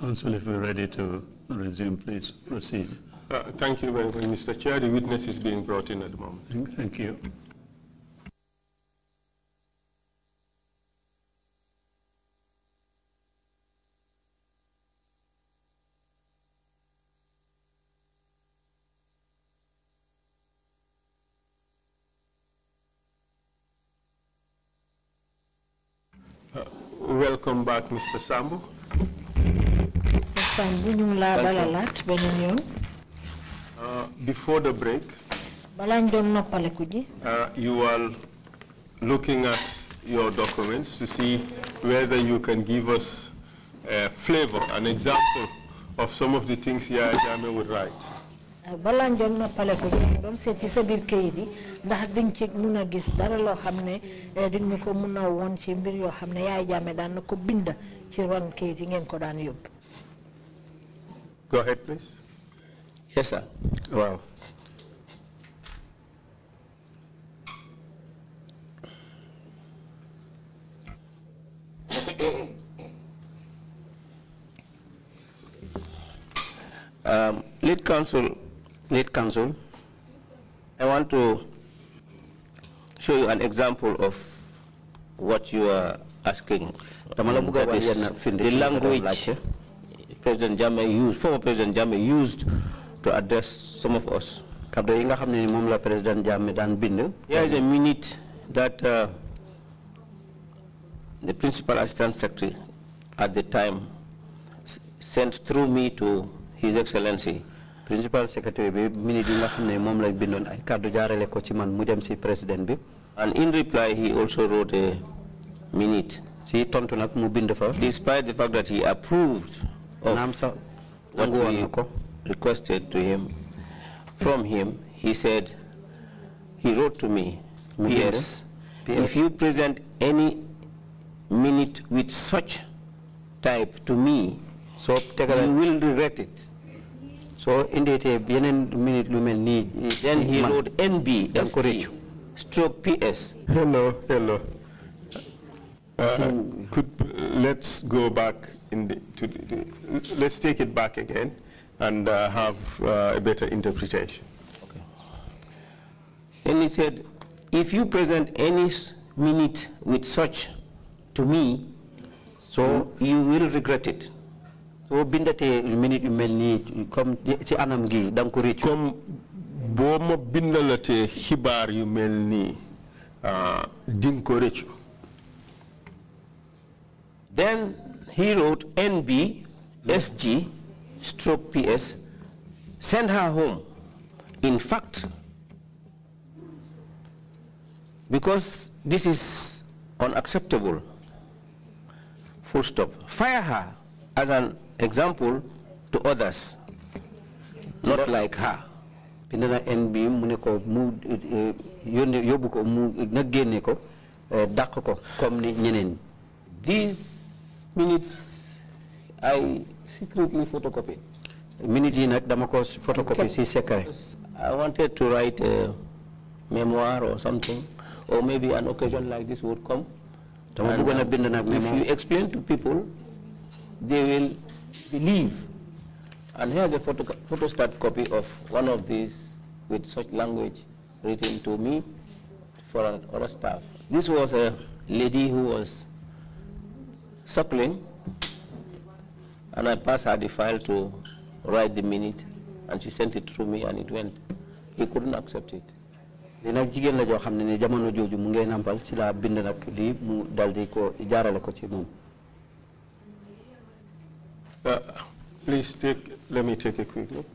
Council, if we're ready to resume, please proceed. Uh, thank you very much, Mr. Chair. The witness is being brought in at the moment. Thank you. Uh, welcome back, Mr. Sambu. Uh, before the break. Uh, you are looking at your documents to see whether you can give us a flavor, an example of some of the things Yaya Jammeh would write. Uh, gis Go ahead, please. Yes, sir. Well, um, lead counsel, lead counsel, I want to show you an example of what you are asking. The language President Jammeh used, former President Jammeh used to address some of us. président Jammeh Here is a minute that uh, the principal assistant secretary at the time sent through me to His Excellency. Principal secretary bi man président And in reply, he also wrote a minute. mu Despite the fact that he approved of what we requested to him from him, he said, he wrote to me, P.S. If you present any minute with such type to me, so you will regret it. So indite yenen minute lumel ni then he wrote NB stroke PS. Hello, hello. Uh, could let's go back the, to, to, let's take it back again and uh, have uh, a better interpretation. Okay. And he said, if you present any minute with such to me, so you will regret it. So bindate minute yu mel ni comme ci anam gi dang ko reccu bindalate xibar yu mel ni uh, ding then he wrote NB, SG, stroke PS, send her home. In fact, because this is unacceptable, full stop, fire her as an example to others, not like her. ko eh, ko eh, these minutes I secretly photocopied. Minutes in nag photocopy secret. I wanted to write a memoir or something, or maybe an occasion like this would come. If you explain to people, they will believe. And here's a photo, photostat copy of one of these with such language written to me for other staff. This was a lady who was sapling, and I passed her the file to write the minute, and she sent it through me, and it went. He couldn't accept it. nampal daldi ko uh, Please take, let me take a quick look.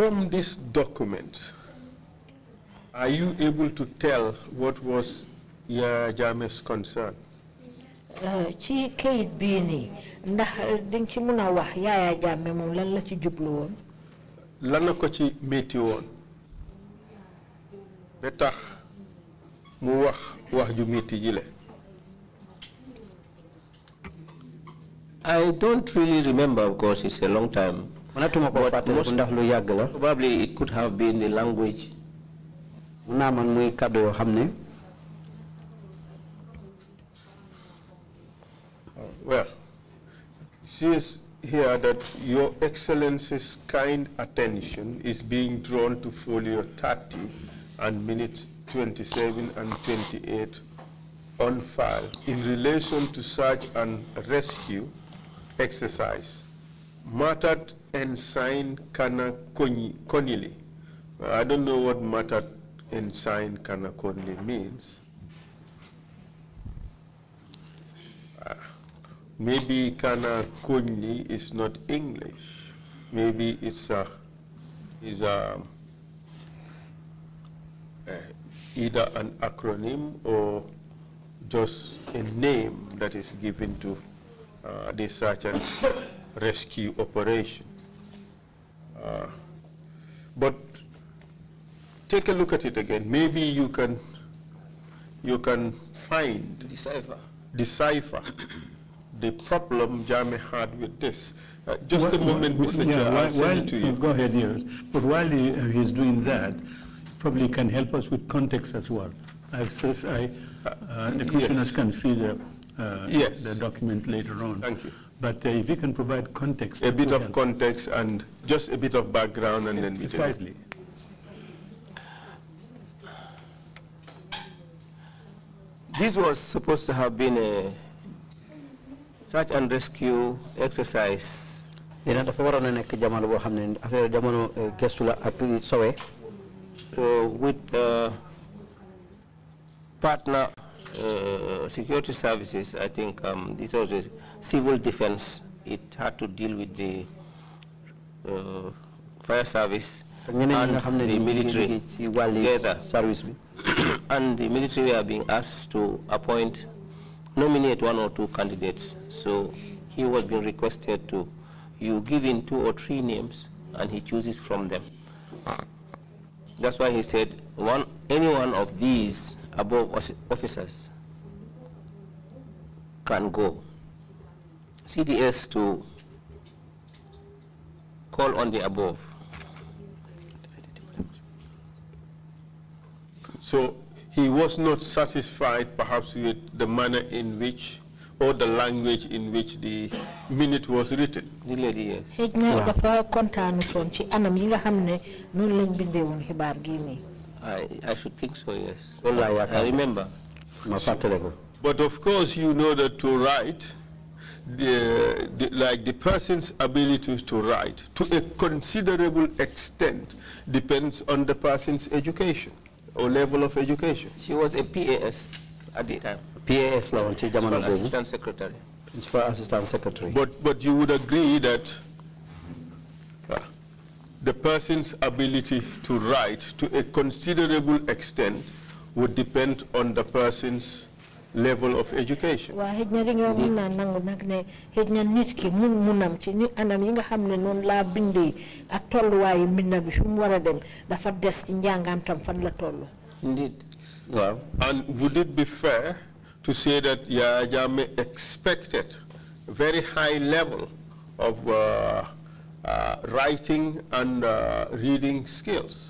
From this document, are you able to tell what was your Jammeh's concern? Eh, ci kayit bii nii ndax dañ ci mën a wax Yaya Jammeh moom lan la ci jublu woon. lan la ko ci métti woon ba tax mu wax wax ju métti ji I don't really remember, of course, it's a long time probably it could have been the language. Uh, well, she is here that Your Excellency's kind attention is being drawn to folio 30 and minutes 27 and 28 on file in relation to search and rescue exercise, mattered Ensign Kana Konili. Uh, I don't know what matter Ensign Kana Konili means. Uh, maybe Kana Konili is not English. Maybe it's a, is a, uh, either an acronym or just a name that is given to uh, the search and rescue operation. Uh, but take a look at it again. Maybe you can, you can find, decipher, decipher the problem Jami had with this. Uh, just a moment, Mr. Yeah, I'll send it to you. Go ahead, yes. But while he, uh, he's doing that, probably can help us with context as well. I, I, uh, uh, the commissioners yes. can see the, uh, yes. the document later on. Thank you. But uh, if you can provide context. A bit of help. context and just a bit of background and, and then Precisely. This was supposed to have been a search and rescue exercise. dina uh, uh, uh, with partner uh, security services, I think um, this was a civil defense. It had to deal with the uh, fire service and, the military together. Service. and the military were being asked to appoint, nominate one or two candidates. So he was being requested to, you give in two or three names and he chooses from them. That's why he said, one, any one of these above officers can go. CDS to call on the above. So he was not satisfied perhaps with the manner in which or the language in which the minute was written. The lady, yes. Hej na I should think so, yes. I, I remember. But of course you know that to write the, the, like the person's ability to write to a considerable extent depends on the person's education or level of education. She was a PAS at the time. PAS now, Principal Assistant Secretary. Principal Assistant Secretary. But, but you would agree that uh, the person's ability to write to a considerable extent would depend on the person's level of education. Mm. nangu mun munam anam dem la indeed. Well, and would it be fair to say that Yaya Jammeh expected a very high level of uh, uh, writing and uh, reading skills.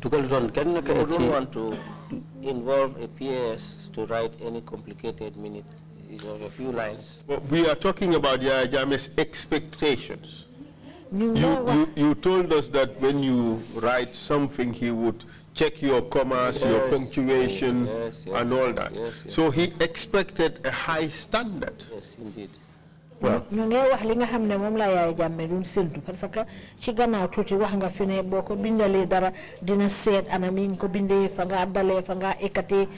dugal ron you don't want to involve a PS to write any complicated minute of a few lines we are talking about Yaya Jame's expectations you, you, you, you told us that when you write something he would check your commas, yes, your punctuation, yes, yes, and all that. So he expected a high standard. Yes, indeed waaw wax li nga la yaay jàmme duñ séntu parce que ci gannaaw wax nga fi ne dara dina ko fa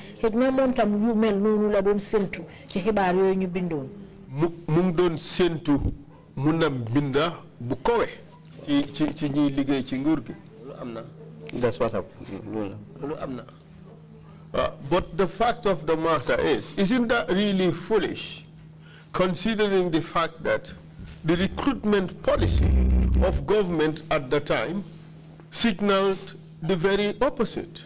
fa tam yu mel la doon séntu ci xibaar ñu bindoon. mu ngi doon séntu binda bu kowe ci ci ci liggéey ci nguur gi lu that's what happened. lu am ah, but the fact of the matter is isn't that really foolish considering the fact that the recruitment policy of government at the time signaled the very opposite.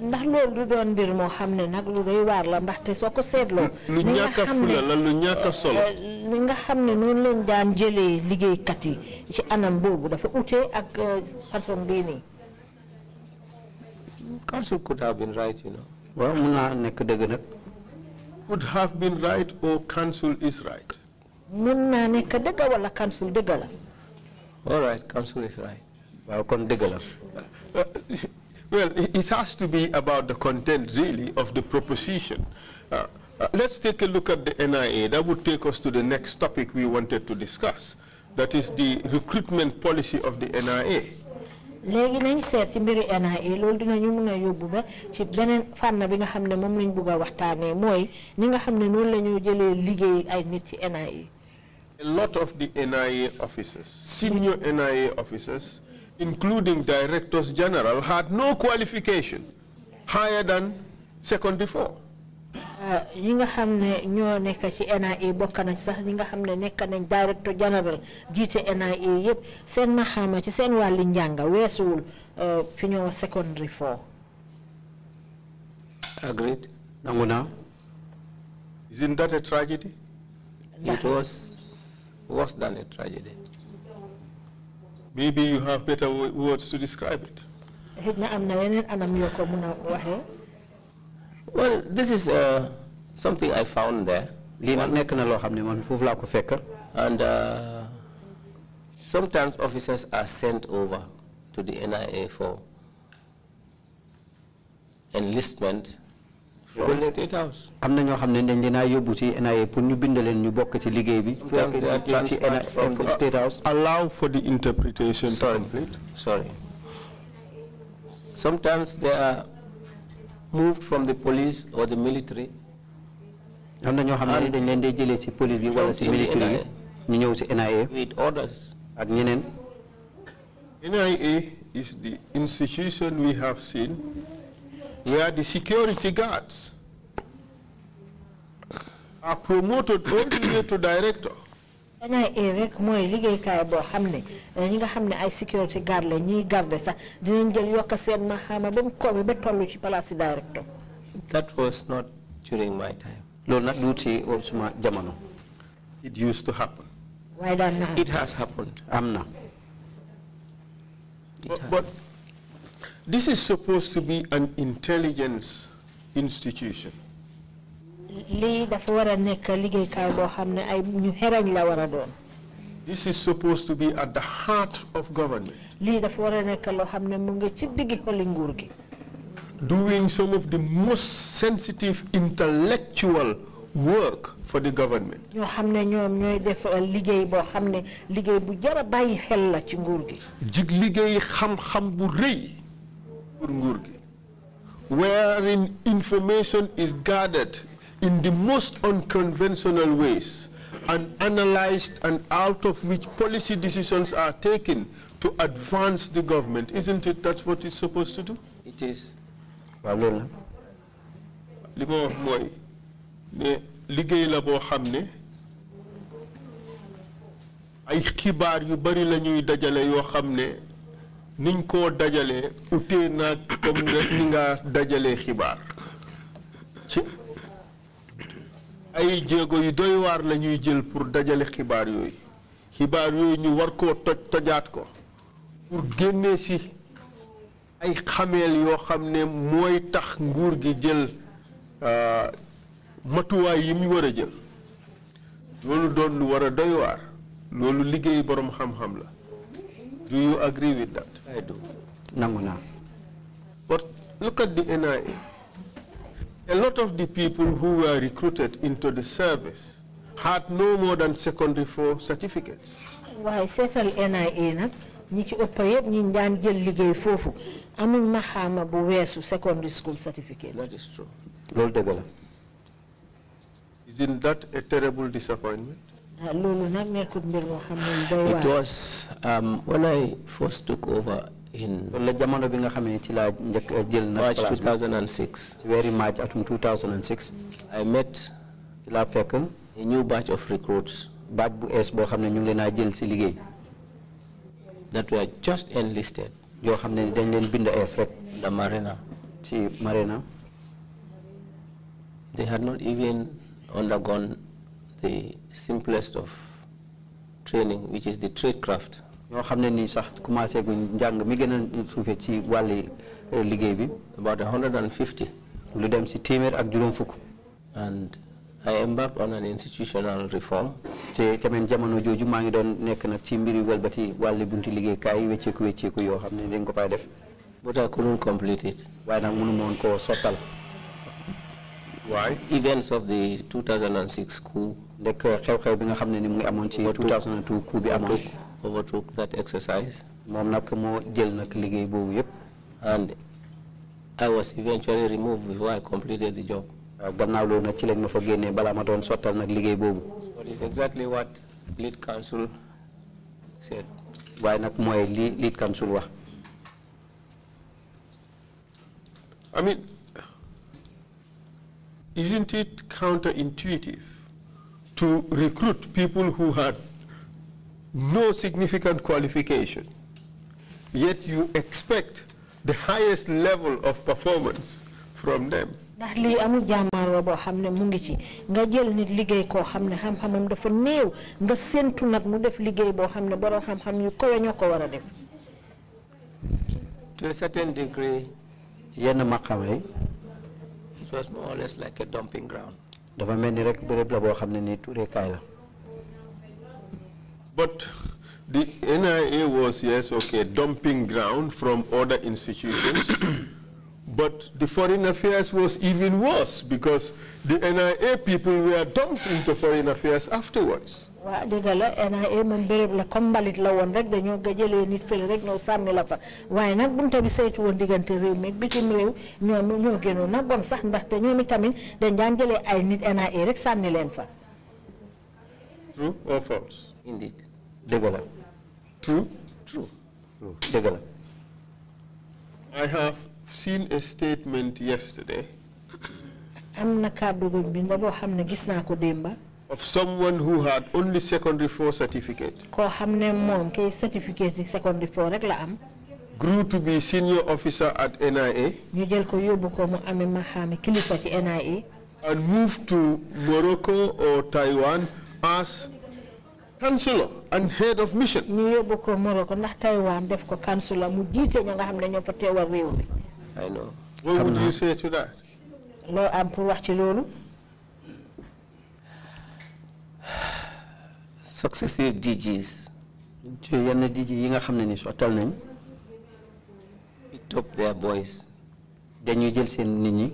ndax loolu du doon mbir moo xam ne nag lu doy waar la ndaxte soo ko seetloo. lu fula la lu solo. li euh, nga xam ne noonu daan jëlee liggéeykat yi ci anam boobu dafa ute ak euh, bii nii. waaw mun naa nekk dëgg nag could have been right or council is right. mun wala council all right council is right. Uh, well it has to be about the content really of the proposition. Uh, uh, let's take a look at the NIA. That would take us to the next topic we wanted to discuss. That is the recruitment policy of the NIA nañ ci mbiri NIA a yóbbu ba ci bi nga lañ ni nga liggéey ay nit ci NIA. A lot of the NIA officers, senior NIA officers, including directors general, had no qualification higher than secondary four ñi nga xam ne ñoo nekk ci NIA bokk nañ sax ñi nga nekk nañ directeur général jiite NIA yëpp seen maxaama ci seen wàlli njànga weesuwul euh, fi ñoo secondary four. agreed nangu naa. Isn't that a tragedy? It was worse than a tragedy. Maybe you have better words to describe it well this is uh, something I found there. lii and uh, sometimes officers are sent over to the NIA for enlistment. from the State House. am NIA allow for the interpretation to complete. sorry sorry. sometimes there are moved from the police or the military. am police military NIA. with orders. NIA is the institution we have seen where the security guards are promoted only to director. Eh, ñi nga ay la sax dinañ jël seen ci place directeur. that was not during my time. loolu nag du suma jamono. it used to happen. waaye not na it has happened. am na. but this is supposed to be an intelligence institution this is supposed to be at the heart of government. doing some of the most sensitive intellectual work for the government. wherein information is gathered in the most unconventional ways and analyzed and out of which policy decisions are taken to advance the government. Isn't it that's what it's supposed to do? It is. ay xibaar yu bari la ñuy dajale yoo xam ne niñ koo dajalee utee naag comme ni nga dajalee xibaar ci ay jéego yu doy waar la jël pour dajale xibaar yooyu xibaar yooyu ñu war koo toj tojaat ko pour génne si ay xameel yoo xam ne mooy tax nguur gi jël euh, matuwaay yi mu war a jël loolu doon lu war a doy waar loolu liggéey boroom xam-xam la do you agree with that I do nangu naa but look at the NIA a lot of the people who were recruited into the service had no more than secondary four certificates. waaye seetal NIA nag ñi ci ëpp yëpp ñu jël liggéey foofu amul maxaama bu weesu secondary school certificate. that is true. loolu dëgg isn't that a terrible disappointment? Ah, it was um, when I first took over in euh, March 2006. Very March 2006. I met a new batch of recruits that were just enlisted. yoo xam ne dañ leen bind ees rek. la marina. ci marina. they had not even undergone the simplest of training which is the trade craft ñoo sax commencé guñ mi ci euh, liggéey bi. about hundred and fifty. lu dem si téeméer ak juróom and I embarked on an institutional reform. te tamit jamono ngi doon ci mbiri walbati bunti dañ ko fay def. but I couldn't complete it. waaye nag mënu moon koo sotal why events of the 2006 coup. xew-xew bi nga ni mu ngi ci. 2002 coup bi overtook that exercise. And I was eventually removed before I completed the job. But exactly what lead Counsel said. Why not more lead council? I mean, isn't it counterintuitive to recruit people who had no significant qualification, yet you expect the highest level of performance from them. mu def yu ko def. to a certain degree yenn maqaam it was more or less like a dumping ground. dafa mel rek béréb la boo xam ne nii but the NIA was, yes, okay, dumping ground from other institutions. but the foreign affairs was even worse because the NIA people were dumped into foreign affairs afterwards. waaw dëgg la NIA moom béréb la comme mbalit la woon rek dañoo gëjëlee nit fële rek ñoo sànni la fa waaye nag bunte bi saytu woon diggante réew mi bitim réew ñoom ñoo gënoon na bon sax ndaxte ñoom itamit dañ daan jëlee ay nit NIA rek sànni leen fa. True or false? Indeed. Degola. True? True. True. Degola. I have seen a statement yesterday of someone who had only secondary four certificate grew to be senior officer at NIA and moved to Morocco or Taiwan as councillor and head of mission ko def ko councillor mu nga teewal mi I know what would you say to that i am pour wax ci successive DGs ci yenn DG yi nga xam ne ni sottal nañ top their boys dañuy jël seen nit ñi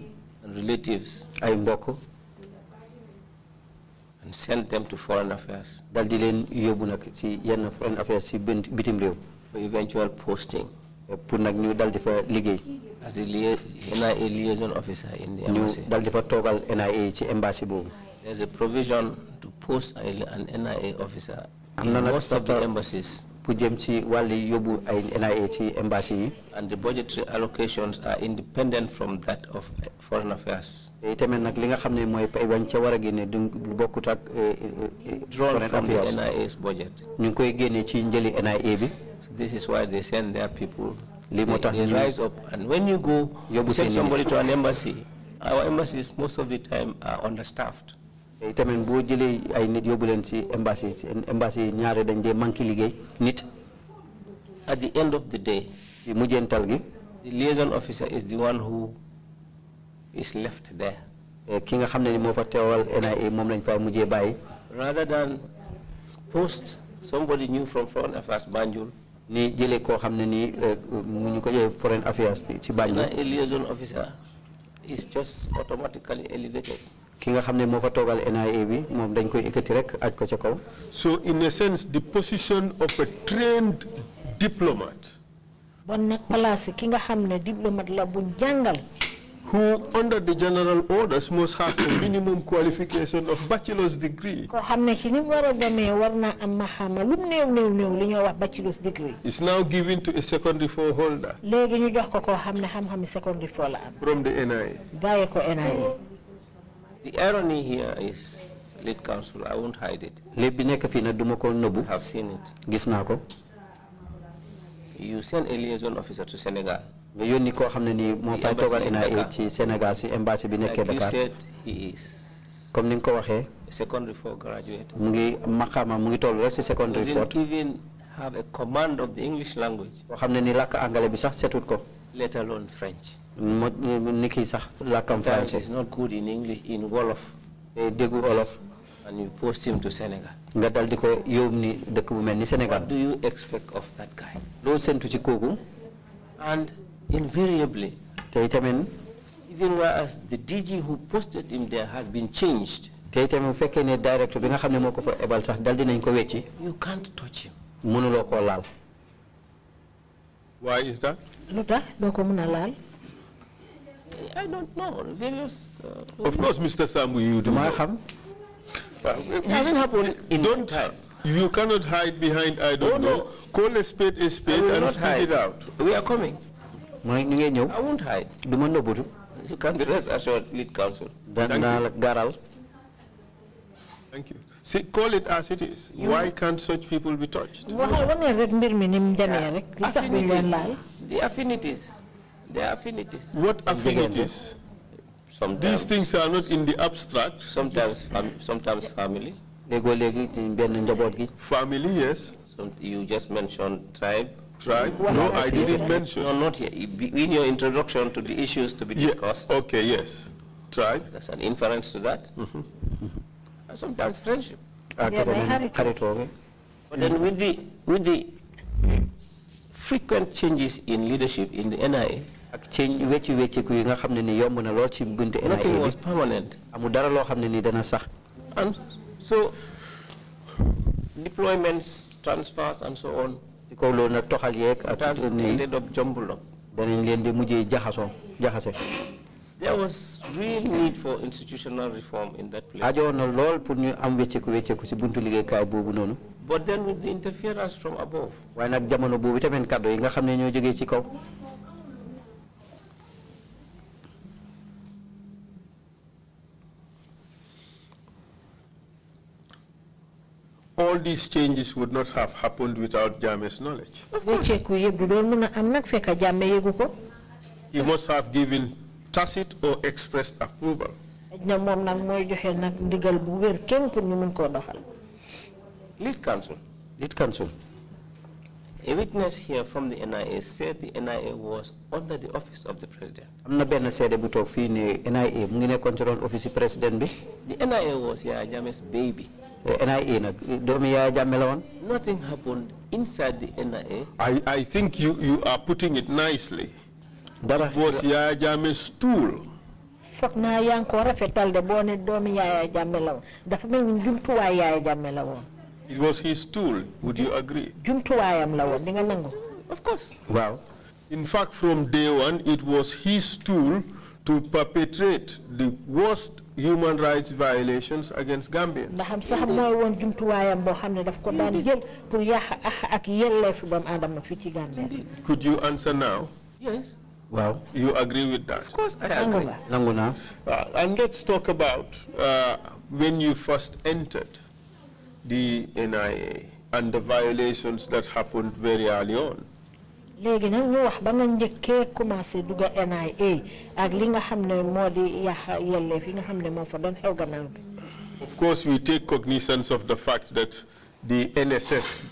relatives ay mbokk and sent them to foreign affairs. dal di leen yóbbu nag ci yenn foreign affairs ci bitim réew. for eventual posting. pour nag ñu dal di fa liggéey. as a liaison officer in the embassy. ñu dal di fa NIA ci embassy boobu. there is a provision to post an NIA officer. am most of the embassies ku jëm ci wàll embassy and the budgetary allocations are independent from that of foreign affairs. tamit nag li eh, eh, eh, drawn from the NIA's budget. ñu ngi koy génne ci njëli NIA this is why they send their people. They moo rise up and when you go. yóbbu send somebody to an embassy. our embassies most of the time are understaffed ay nit embassy ñaare dañ liggéey nit at the end of the day gi the liaison officer is the one who is left there ki nga fa NIA lañ fa bàyyi rather than post somebody new from foreign affairs Banjul ni jëlee koo xam ne eh, mu ñu ko foreign affairs fii ci Banjul a liaison officer is just automatically elevated ki nga xam fa toogal NIA bi moom dañ koy yëkkati rek aj ko ca kaw. so in a sense the position of a trained diplomat. bon nag place ki nga xam ne la bu jàngal. who under the general orders must have a minimum qualification of bachelor's degree. ko xam ne ci ni mu war a demee war naa am maxaama lu mu néew néew li ñoo wax bachelor's degree. is now given to a secondary four holder. léegi ñu jox ko koo xam xam secondary four la am. from the NIA. bàyyi ko NIA. The irony here is, late council, I won't hide it. I have seen it. gis naa You send a liaison officer to Senegal. nga yónni koo xam ne nii moo fay Sénégal embassy Like you said, he is. secondary four graduate. mu ngi maqaama mu does doesn't even have a command of the English language. boo xam ne ni làkk let alone French niki sax lakam is not good in english in wolof day go wolof and you post him to senegal Gadal, dal di ko yóbbu ni senegal what do you expect of that guy loo send to kooku and invariably te even whereas the DG who posted him there has been changed te itamit bu fekkee ne directeur bi nga ebal dal you can't touch him Munu koo laal why is that lu tax doo I don't know, various... Uh, of course, Mr. Samu. you do I have. Well, it hasn't happened in don't, time. You cannot hide behind, I don't oh, know. Call a spade a spade and speak hide. it out. We are coming. I won't hide. You can be rest assured, lead counsel. Then Garal. Thank you. See, call it as it is. You Why can't such people be touched? Yeah. The affinities. The affinities. Their affinities. What affinities? Sometimes. These things are not in the abstract. Sometimes, fam sometimes family. Family, yes. you just mentioned tribe. Tribe? no, I, didn't mention. No, not here. In your introduction to the issues to be discussed. Yeah. Okay, yes. Tribe. That's an inference to that. Mm -hmm. And sometimes friendship. Academic. Ah, but then with the, with the frequent changes in leadership in the NIA, nothing was permanent and so deployments transfers and so on di ended up jumbled up there was real need for institutional reform in that place. ajoon na lool pour ñu am wécceeku wécceeku ci but then with the interference from above. Why nag jamono boobu tamit all these changes would not have happened without Jame's knowledge. Of course. He must have given tacit or expressed approval. Lead counsel. Lead counsel. A witness here from the NIA said the NIA was under the office of the president. I'm not being said about NIA. NIA, office president. The NIA was Yaya Jame's baby. NIA Nothing happened inside the NIA. I, I think you, you are putting it nicely. it was Yaya Jammeh's stool. foog It was his tool, would you agree? Jumtuwaayam la woon, Of course. Well, In fact, from day one, it was his tool to perpetrate the worst human rights violations against Gambians. Gambia. could you answer now. yes. Well, You agree with that? Of course I agree. Languna. Uh, and let's talk about uh, when you first entered the NIA and the violations that happened very early on ñu wax ba nga commencé NIA ak li nga nga fa doon xew gannaaw bi. Of course we take cognizance of the fact that the NSS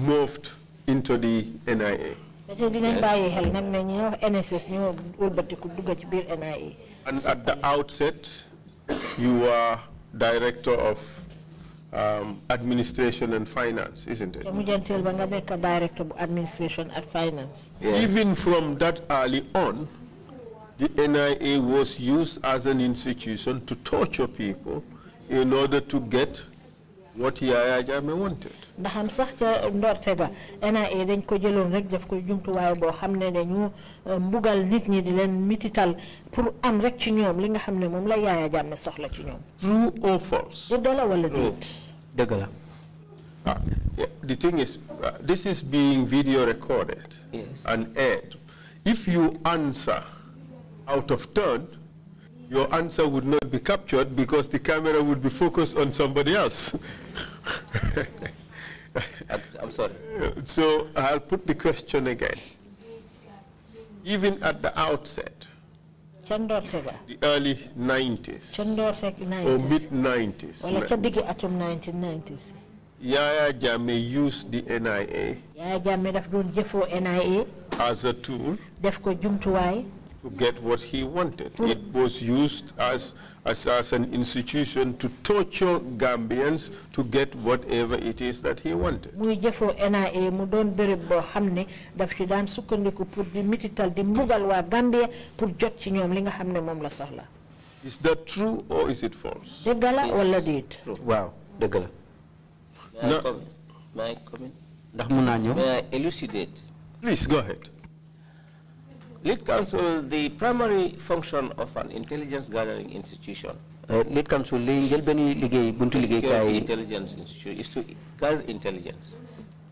moved into the NIA. NSS NIA. And at the outset you were director of um, administration and finance, isn't it? director administration and finance. Even from that early on, the NIA was used as an institution to torture people in order to get what Yaya wanted. ndax am sax ca ndorte ga NIA dañ ko jëloon rek def ko dañu eh, mbugal nit ñi di pour am rek ci ñoom li nga soxla ci ñoom. true or false. wala ah, the thing is uh, this is being video recorded. yes and aired. if you answer out of turn your answer would not be captured because the camera would be focused on somebody else. I'm sorry. So I'll put the question again. Even at the outset, the early 90s, 90s. or mid 90s, well, 1990s. Yaya Jame used the NIA, Yaya Jame NIA as a tool to get what he wanted. Hmm. It was used as, as, as an institution to torture Gambians to get whatever it is that he wanted. NIA mu béréb daf ci daan sukkandiku pour di di Gambia pour jot ci li nga la soxla. Is that true or is it false? dëgg la wala déet. waaw dëgg la. comment? may ndax ñëw. elucidate. Please go ahead lead council, the primary function of an intelligence gathering institution uh, lead council li gathering. ben liggéey buntu liggéey kay intelligence institution is to gather intelligence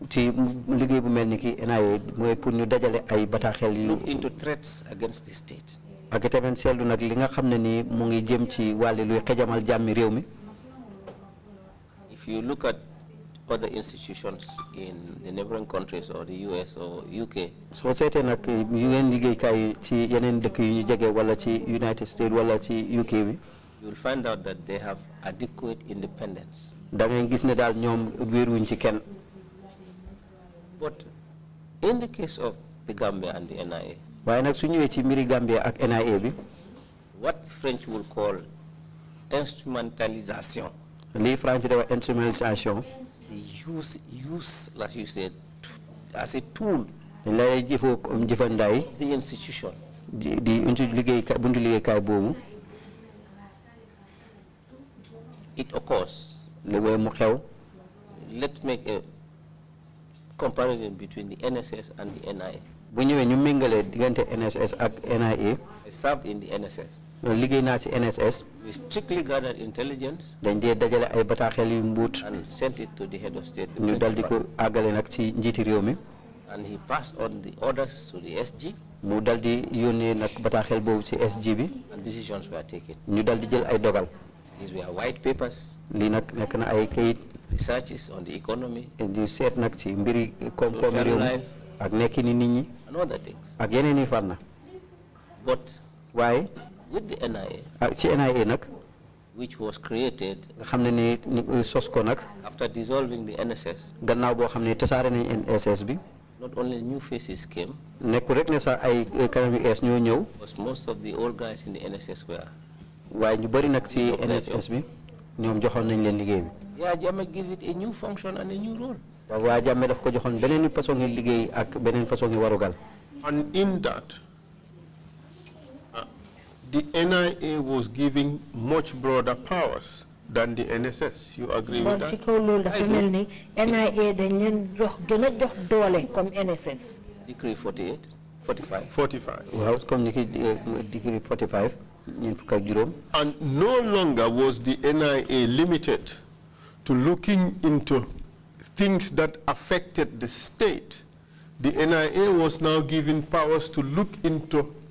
ci liggéey bu melni ki NIA moy pour ñu dajalé ay bataxel yu into threats against the state ak tamen seldu nak li nga xamné ni mu ngi jëm ci walé luy xéjamal jammi réew mi if you look at other institutions in the neighboring countries or the US or UK. So, certain nag yu ngeen liggéeykaay yi ci yeneen dëkk yu ñu wala ci United States wala ci UK bi. you will find out that they have adequate independence. da ngay gis ne daal ñoom wéeruwuñ ci kenn. but in the case of the Gambia and the NIA. waaye nag su ñëwee ci mbiri Gambia ak NIA bi. what French will call instrumentalization? lii French de wax instrumentalisation use, use as you said, as a tool. lay jëfoo um, the institution. it occurs. let's make a comparison between the NSS and the NIA. When you mingle it against the NSS and NIA. I served in the NSS liggéey naa ci NSS. we strictly gathered intelligence. dañ dee dajale ay bataaxel yu mbuut. and sent it to the head of state. ñu dal di ko agale nag ci njiiti réew mi. and he passed on the orders to the SG. mu dal di yónnee nag bataaxel boobu ci SG bi. and decisions were taken. ñu dal di jël ay dogal. these were white papers. Li nak nekk na ay kayit. researches on the economy. ñu seet nag ci mbiri koom-koom réew mi ak nekki ni nit ñi. and other things. ak yeneen i fànn. but why with the NIA. actually ah, ci NIA nak, which was created. nga ni ni sos after dissolving the NSS. gannaaw boo xam ne tasaare NSS bi. not only new faces came. nekkul rek ne sax ay kanam ñëw. because most of the old guys in the NSS were. waaye ñu bëri nag ci NSS bi ñoom joxoon nañ give it a new function and a new role. waaw Yaya Jammeh daf ko joxoon ak warugal. and in that the NIA was giving much broader powers than the NSS. You agree with that? NIA the leen jox gëna jox doole comme NSS. Decree 48, 45. 45. Well, comme euh, decree 45 And no longer was the NIA limited to looking into things that affected the state. The NIA was now given powers to look into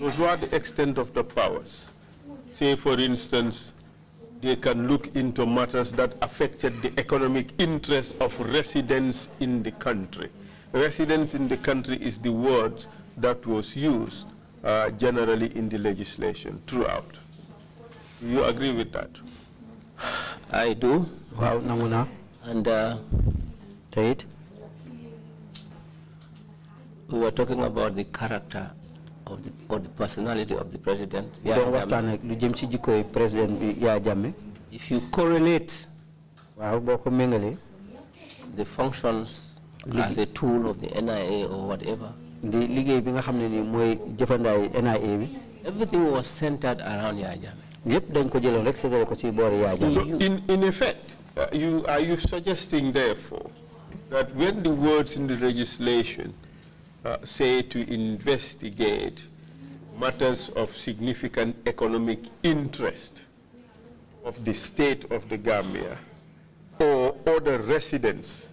what the extent of the powers? Say, for instance, they can look into matters that affected the economic interests of residents in the country. Residents in the country is the word that was used uh, generally in the legislation throughout. You agree with that? I do. Wow, Namuna. And uh, Tate, we were talking about the character of the or the personality of the president. doon président if you correlate. the functions. as a tool of the NIA or whatever. everything was centered around Yaya so in in effect. Uh, you are you suggesting therefore that when the words in the legislation. Uh, say to investigate matters of significant economic interest of the state of the Gambia or other residents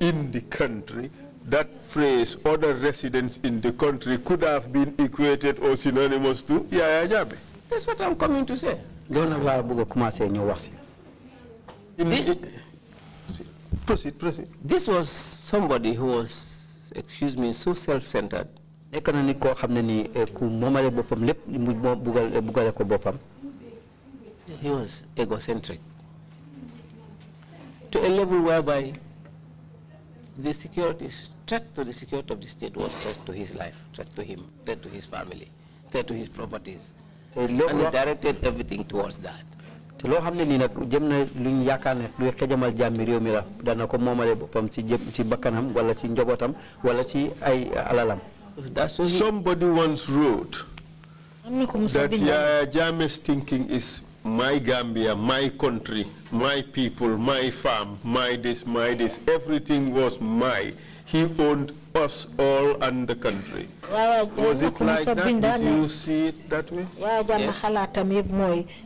in the country, that phrase, other residents in the country, could have been equated or synonymous to Yaya Jabe. That's what I'm coming to say. Don't This, proceed, proceed. This was somebody who was excuse me so self-centered. Eh, bugal eh, ko he was egocentric. to a level whereby the security threat to the security of the state was threat to his life, threat to him, threat to his family, threat to his properties. And he directed everything towards that te loo xam ne nii nag jëm na lu ñu yaakaar ne luy xejamal jàmmi réew mi la dana ko moomale boppam ci jëm ci bakkanam wala ci njobootam wala ci ay alalam. somebody once wrote that Yaya Jammeh's thinking is my Gambia, my country, my people, my farm, my this, my this, everything was my he owned us all and the country. Was it like that? Did you see it that way? Yes.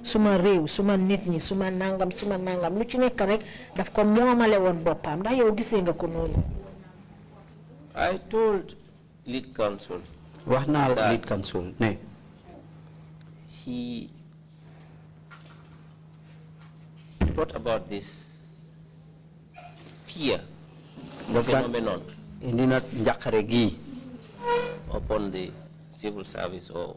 suma suma nit ñi suma nangam suma nangam lu ci rek daf ko yow gisee nga ko I told lead counsel. wax lead counsel ne. he thought about this fear. phenomenon indi na njàqare gi upon the civil service or oh.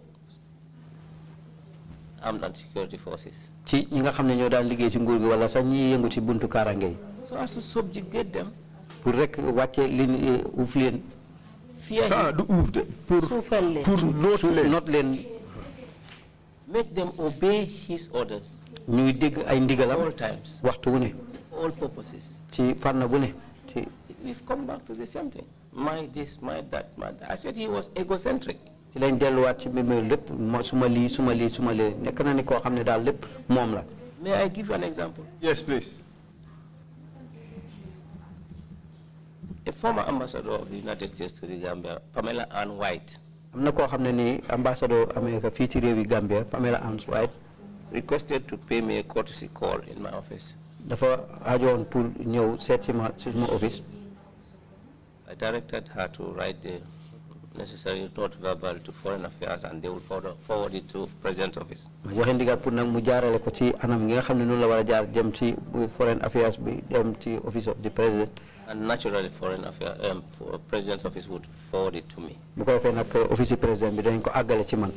armed and security forces. ci ñi nga ñoo daan liggéey ci nguur gi wala sax ñi yëngu ci buntu so as to subjugate them. pour rek wàcce lin uuf eh, leen. fear ah du uuf de. pour pour leen leen. make them obey his orders. ñuy dégg ay ndigalam. all times waxtu wu ne. all purposes. ci fànn bu ne ci we've come back to the same thing. My this, my that, my that. I said he was egocentric. May I give you an example? Yes, please. A former ambassador of the United States to the Gambia, Pamela Ann White. am na ni ambassador America fii ci Gambia Pamela Ann White. requested to pay me a courtesy call in my office. I aajoon pour ñëw seet si ma si office directed her to write the necessary not verbal to foreign affairs and they will forward, it to president office joxe ndigal pour nag mu jaarale ko ci anam gi nga xam ne la war jaar jëm ci foreign affairs bi dem ci office of the president and naturally foreign affairs um, president's office would forward it to me bu ko defee nag office président bi dañ ko àggale ci man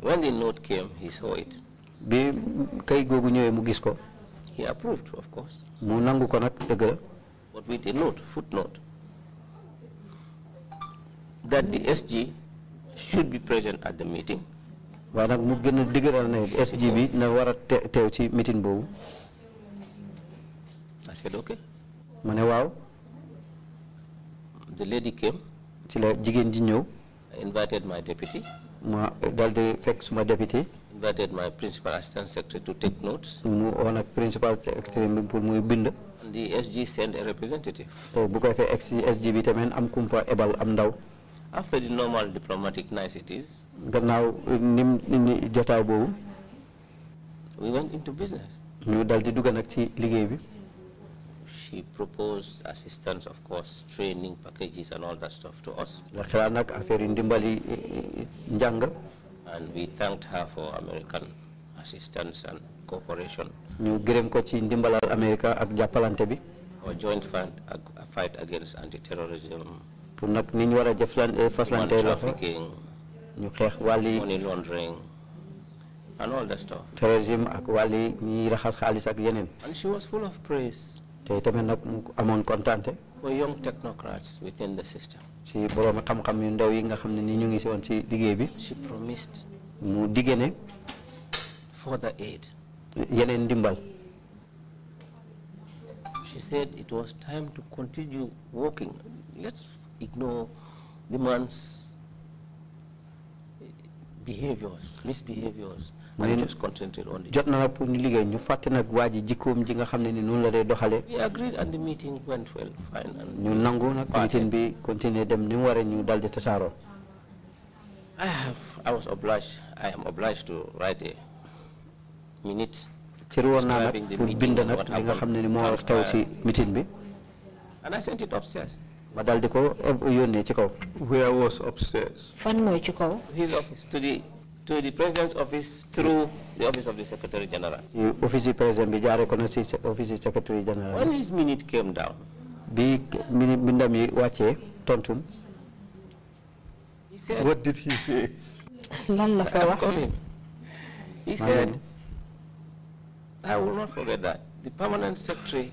when the note came he saw it bi kay googu ñëwee mu gis ko he approved of course mu nangu ko nag dëgg but with a note footnote that the SG should be present at the meeting. waaye nag mu gën a dëgëral ne SG bi na war a meeting boobu. I said okay. ma ne waaw. the lady came. ci la jigéen ji ñëw. invited my deputy. ma daal di fekk suma député. invited my principal assistant secretary to take notes. mu woon ak principal secretary bi pour muy bind. the SG sent a representative. Oh, bu ko defee SG bi tamit am kum fa ebal am ndaw after the normal diplomatic niceties. gannaaw nim ni jotaay boobu. we went into business. she proposed assistance, of course, training packages and all that stuff to us. Eh, eh, and we thanked her for American assistance and cooperation. Our joint fight against anti-terrorism pour ni ñu euh, faslante loxo ñu money laundering and all that stuff Terrorism. ak wàlli raxas ak and she was full of praise te tamit nag mu amoon kontante for young technocrats within the system ci boroomi xam-xam yu ndaw yi nga xam ni ñu ngi ci bi she promised mu digge ne aid she said it was time to continue working let's ignore the man's behaviors, misbehaviors, and just concentrate on it. ni we agreed and the meeting went well fine. ñu nangu nag meeting I have, I was obliged, I am obliged to write a minute. cër woon naa nag pour bind ni meeting and I sent it upstairs ma daal di ko eh, ci kaw. where was upstairs. fan mooy ci kaw. his office to the to the president's office through the office of the secretary general. The office yi président bi jaaree ko na si office yi secretary general. when his minute came down. bi minute bi ndam yi wàccee tontum. he said what did he say. lan la ko wax. he said I will not forget that the permanent secretary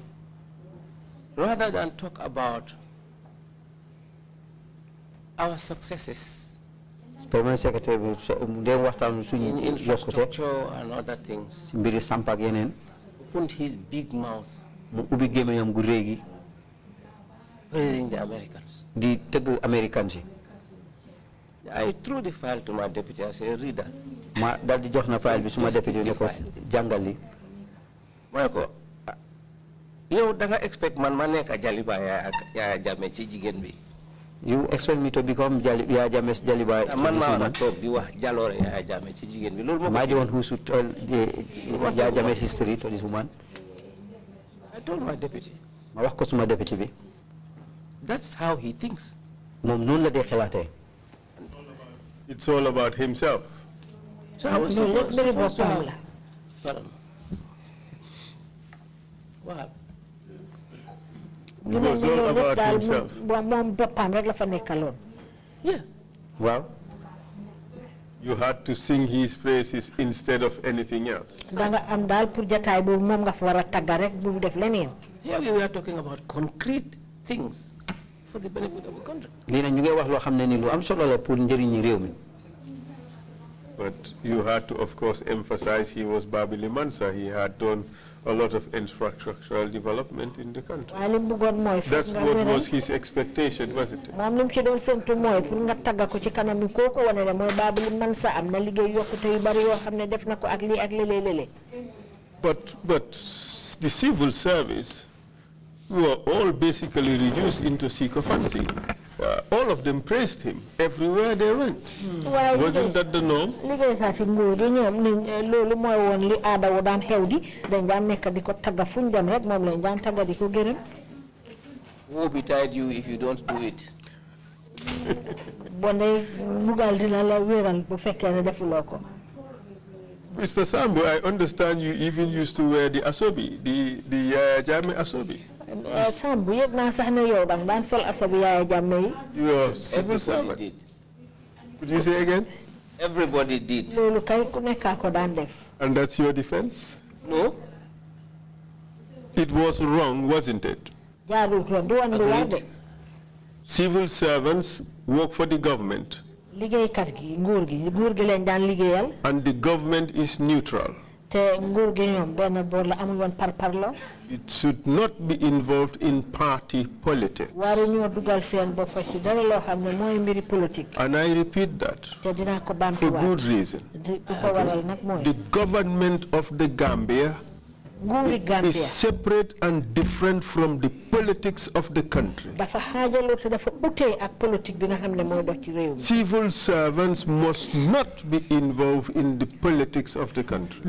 rather than talk about our successes. permanent secretary bi mu dee waxtaan suñu yokkute and other things mbiri samp ak yeneen opened his big mouth mu ubbi gémmiñam gu réy gi praising the Americans The tëgg Americans I threw the file to my deputy I said read that ma dal di jox file bi my deputy ne ko jàngal li ma ne ko expect man ma nekk a jaliba yaaya jàmme ci jigéen bi you expect me to become Jali, Yaya Jame's Jaliba? Man ma wara tok di wax jalore Yaya Jame jigen Am I the one who should tell the, Yaya Jame's history to this woman? I told my deputy. Ma wax ko suma deputy That's how he thinks. Mom non la de It's all about himself. So I was supposed, supposed to... Well, ñu ne loolu rek yeah. Well, you had to sing his praises instead of anything else. here we are talking about concrete things for the benefit of the country. but you had to of course emphasize he was Babili Mansa he had done a lot of infrastructural development in the country. That's what was his expectation, was not it? But but the civil service were all basically reduced into seeker uh, all of them praised him everywhere they went. Mm. Wasn't that the norm? Who betide you if you don't do it. Mr. Sambo, I understand you even used to wear the asobi, the, the uh, Jami asobi some. we have no seen you bang bang sol asabiya jamai. Yes, civil servant. Did. Could you say again? Everybody did. And that's your defense? No. It was wrong, wasn't it? Agreed. Civil servants work for the government. And the government is neutral. It should not be involved in party politics. And I repeat that for good reason. The government of the Gambia is separate and different from the politics of the country. Civil servants must not be involved in the politics of the country.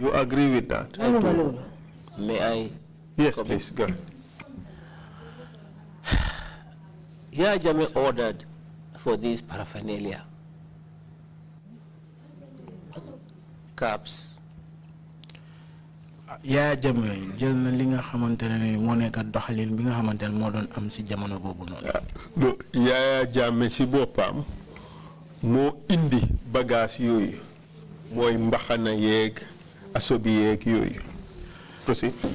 You agree with that? May I? Yes, comment? please, go ahead. Yajame ordered for these paraphernalia. jël na ni am si ah, si indi asobi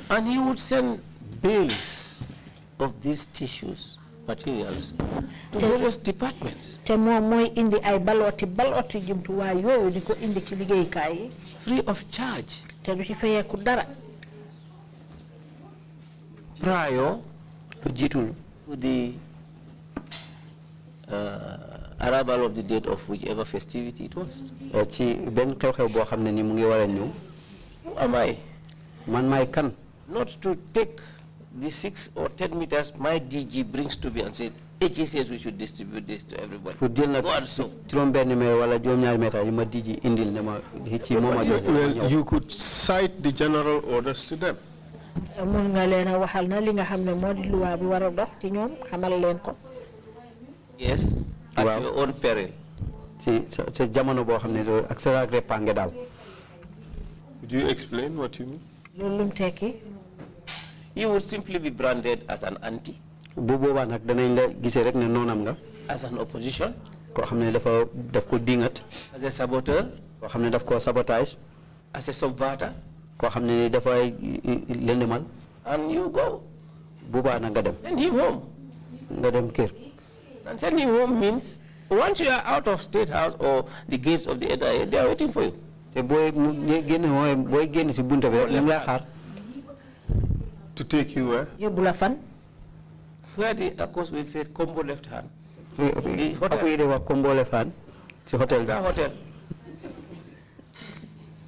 And he would send bales of these tissues materials to various departments. te moom mooy indi ay balooti balooti jumtuwaay yooyu free of charge. te du ci fayeeku dara. prior lu jiitul the uh, arrival of the date of whichever festivity it was. Eh, ci am I. man my can. not to take the six or ten meters my DG brings to me and says, HE says we should distribute this to everybody. Well, you could cite the general orders to them. yes. nga a waxal na Yes, at your own peril. ci Could you explain what you mean? you would simply be branded as an anti. bu boobaa nag as an opposition. koo xam ne dafa daf ko dingat. as a saboteur. koo xam ne daf koo sabotage. as a subverter. Eh, eh, and you go. bu boobaa nag send him home. and send him home means once you are out of state house or the gates of the NIA they are waiting for you. te booy mu génn mooy booy to take you eh? where? Yóbbu la Where the course will say combo left hand. we ide was combo left hand. The hotel. That hotel.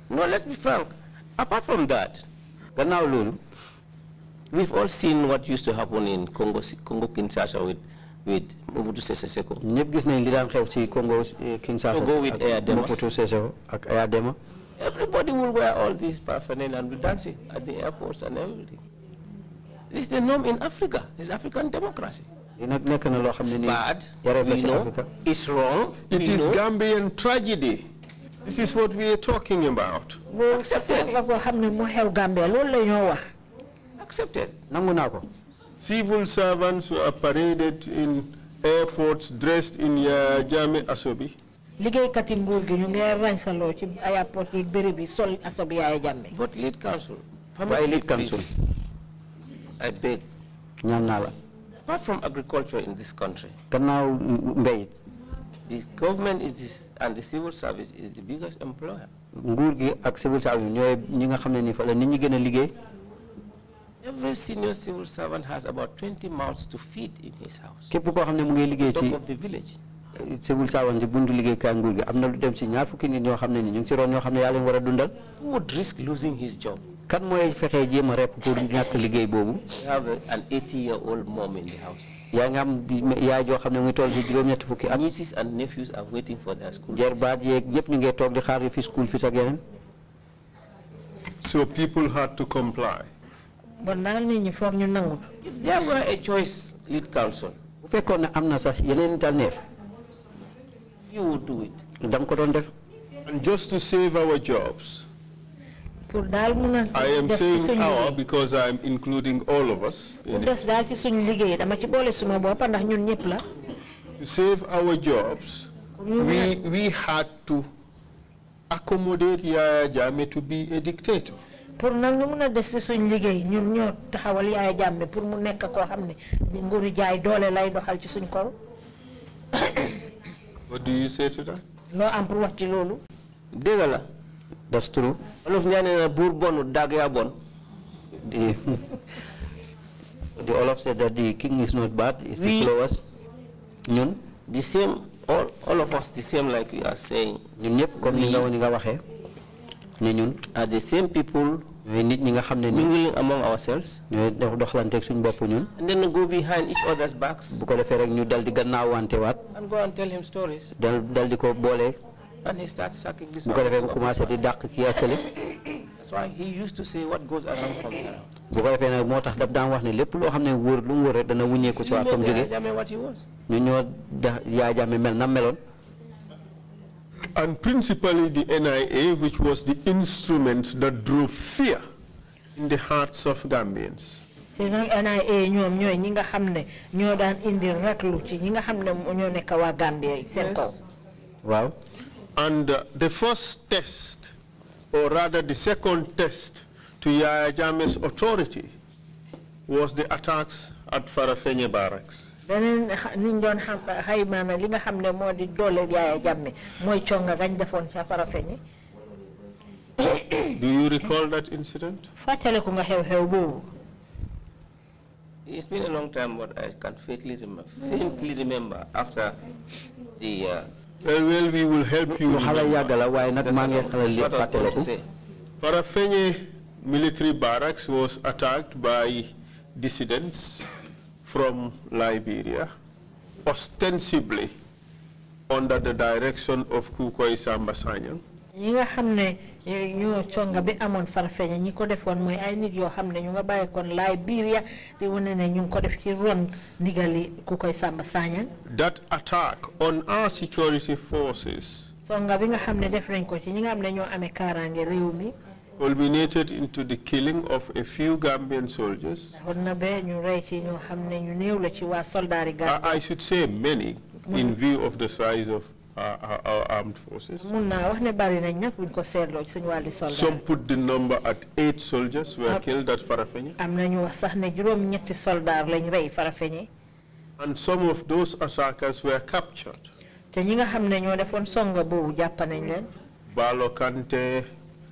no, let's be frank. Apart from that, now Lulu, we've all seen what used to happen in Congo, Congo Kinshasa with with Mobutu Sese Seko. ñëpp gis nañ li Congo eh, Kinshasa. Congo with Mobutu Sese Everybody will wear all these paraphernalia and be dancing at the airports and everything. It's the norm in Africa. It's African democracy. It's bad. We know. It's wrong. It we is know. Gambian tragedy. This is what we are talking about. accept it. Accepted. Accepted. Civil servants were paraded in airports dressed in their uh, jami asobi. liggéeykat yi nguur gi ñu ngi ràñsaloo ci airport yi béréb yi sol asobi yaay jàmme. but lead council. waaye lead council. I beg. ñaan apart from agriculture in this country. gannaaw mbéy. the government is this, and the civil service is the biggest employer. Every senior civil servant has about 20 mouths to feed in his house. Top of the village. Sawan nguur gi lu dem ci ñaar fukki nit ni ñu ci dundal. would risk losing his job? kan mooy fexee jéem a rep pour ñàkk liggéey boobu. have an 80 year old mom in the house. yaa nga am yaay joo xam ne toll ci juróom-ñetti fukki at. Nieces and nephews are waiting for their school. Jarbaat yeeg ñëpp ñu ngi toog di xaar fi school fees ak So people had to comply. bon now, nit ñi foog ñu nangul. If there were a choice lead council. bu fekkoon sax yeneen you would do it. and just to save our jobs. I am saying our because I am including all of us. pour des to save our jobs. we we had to accommodate Yaya Jammeh to be a dictator. pour what do you say to that? Lo am pour wax ci lolu. Dega la. That's true. Olof ñane na bur bonu dag ya bon. The Olaf said that the king is not bad, it's we, the flowers. Ñun the same all all of us the same like you are saying. Ñun ñep comme ni nga waxe. Ñun are the same people ñooy nit ñi nga xam ne. mingling among ourselves. ñooy def doxalanteeg suñu bopp ñun. and then go behind each other's backs. bu ko defee rek ñu dal di gannaawante waat. and go and tell him stories. dal dal di ko boole. and he starts sacking this. bu ko defee mu commencé di dàq kii ak kële. that's why he used to say what goes around comes around. bu ko defee nag moo tax daf daan wax ne lépp loo xam ne wóor lu mu wóor rek dana wuññeeku ci waat comme jóge. ñu ñoo da yaa jàmme mel na meloon and principally the NIA, which was the instrument that drew fear in the hearts of Gambians. Yes. Well, And uh, the first test, or rather the second test to Yaya Jame's authority was the attacks at Farafenye Barracks doon xam xay li nga xam ne moo di doole mooy conga gañ defoon ca Do you recall that incident? nga xew-xew boobu. It's been a long time, but I can faintly remember, faintly remember after the. Uh, well, well, we will help you. xala yàgg la waaye nag maa ngi xala li military barracks was attacked by dissidents from Liberia, ostensibly under the direction of Kukoi Samba Sanyang. ay nit Liberia di ko def ci ron ku koy sàmba that attack on our security forces. conga bi nga xam def nañ ko ci ñi nga ñoo culminated into the killing of a few Gambian soldiers. I, I should say many in view of the size of our, uh, our, uh, uh, armed forces. Some put the number at eight soldiers were killed at Farafenni. And some of those attackers were captured. Balokante,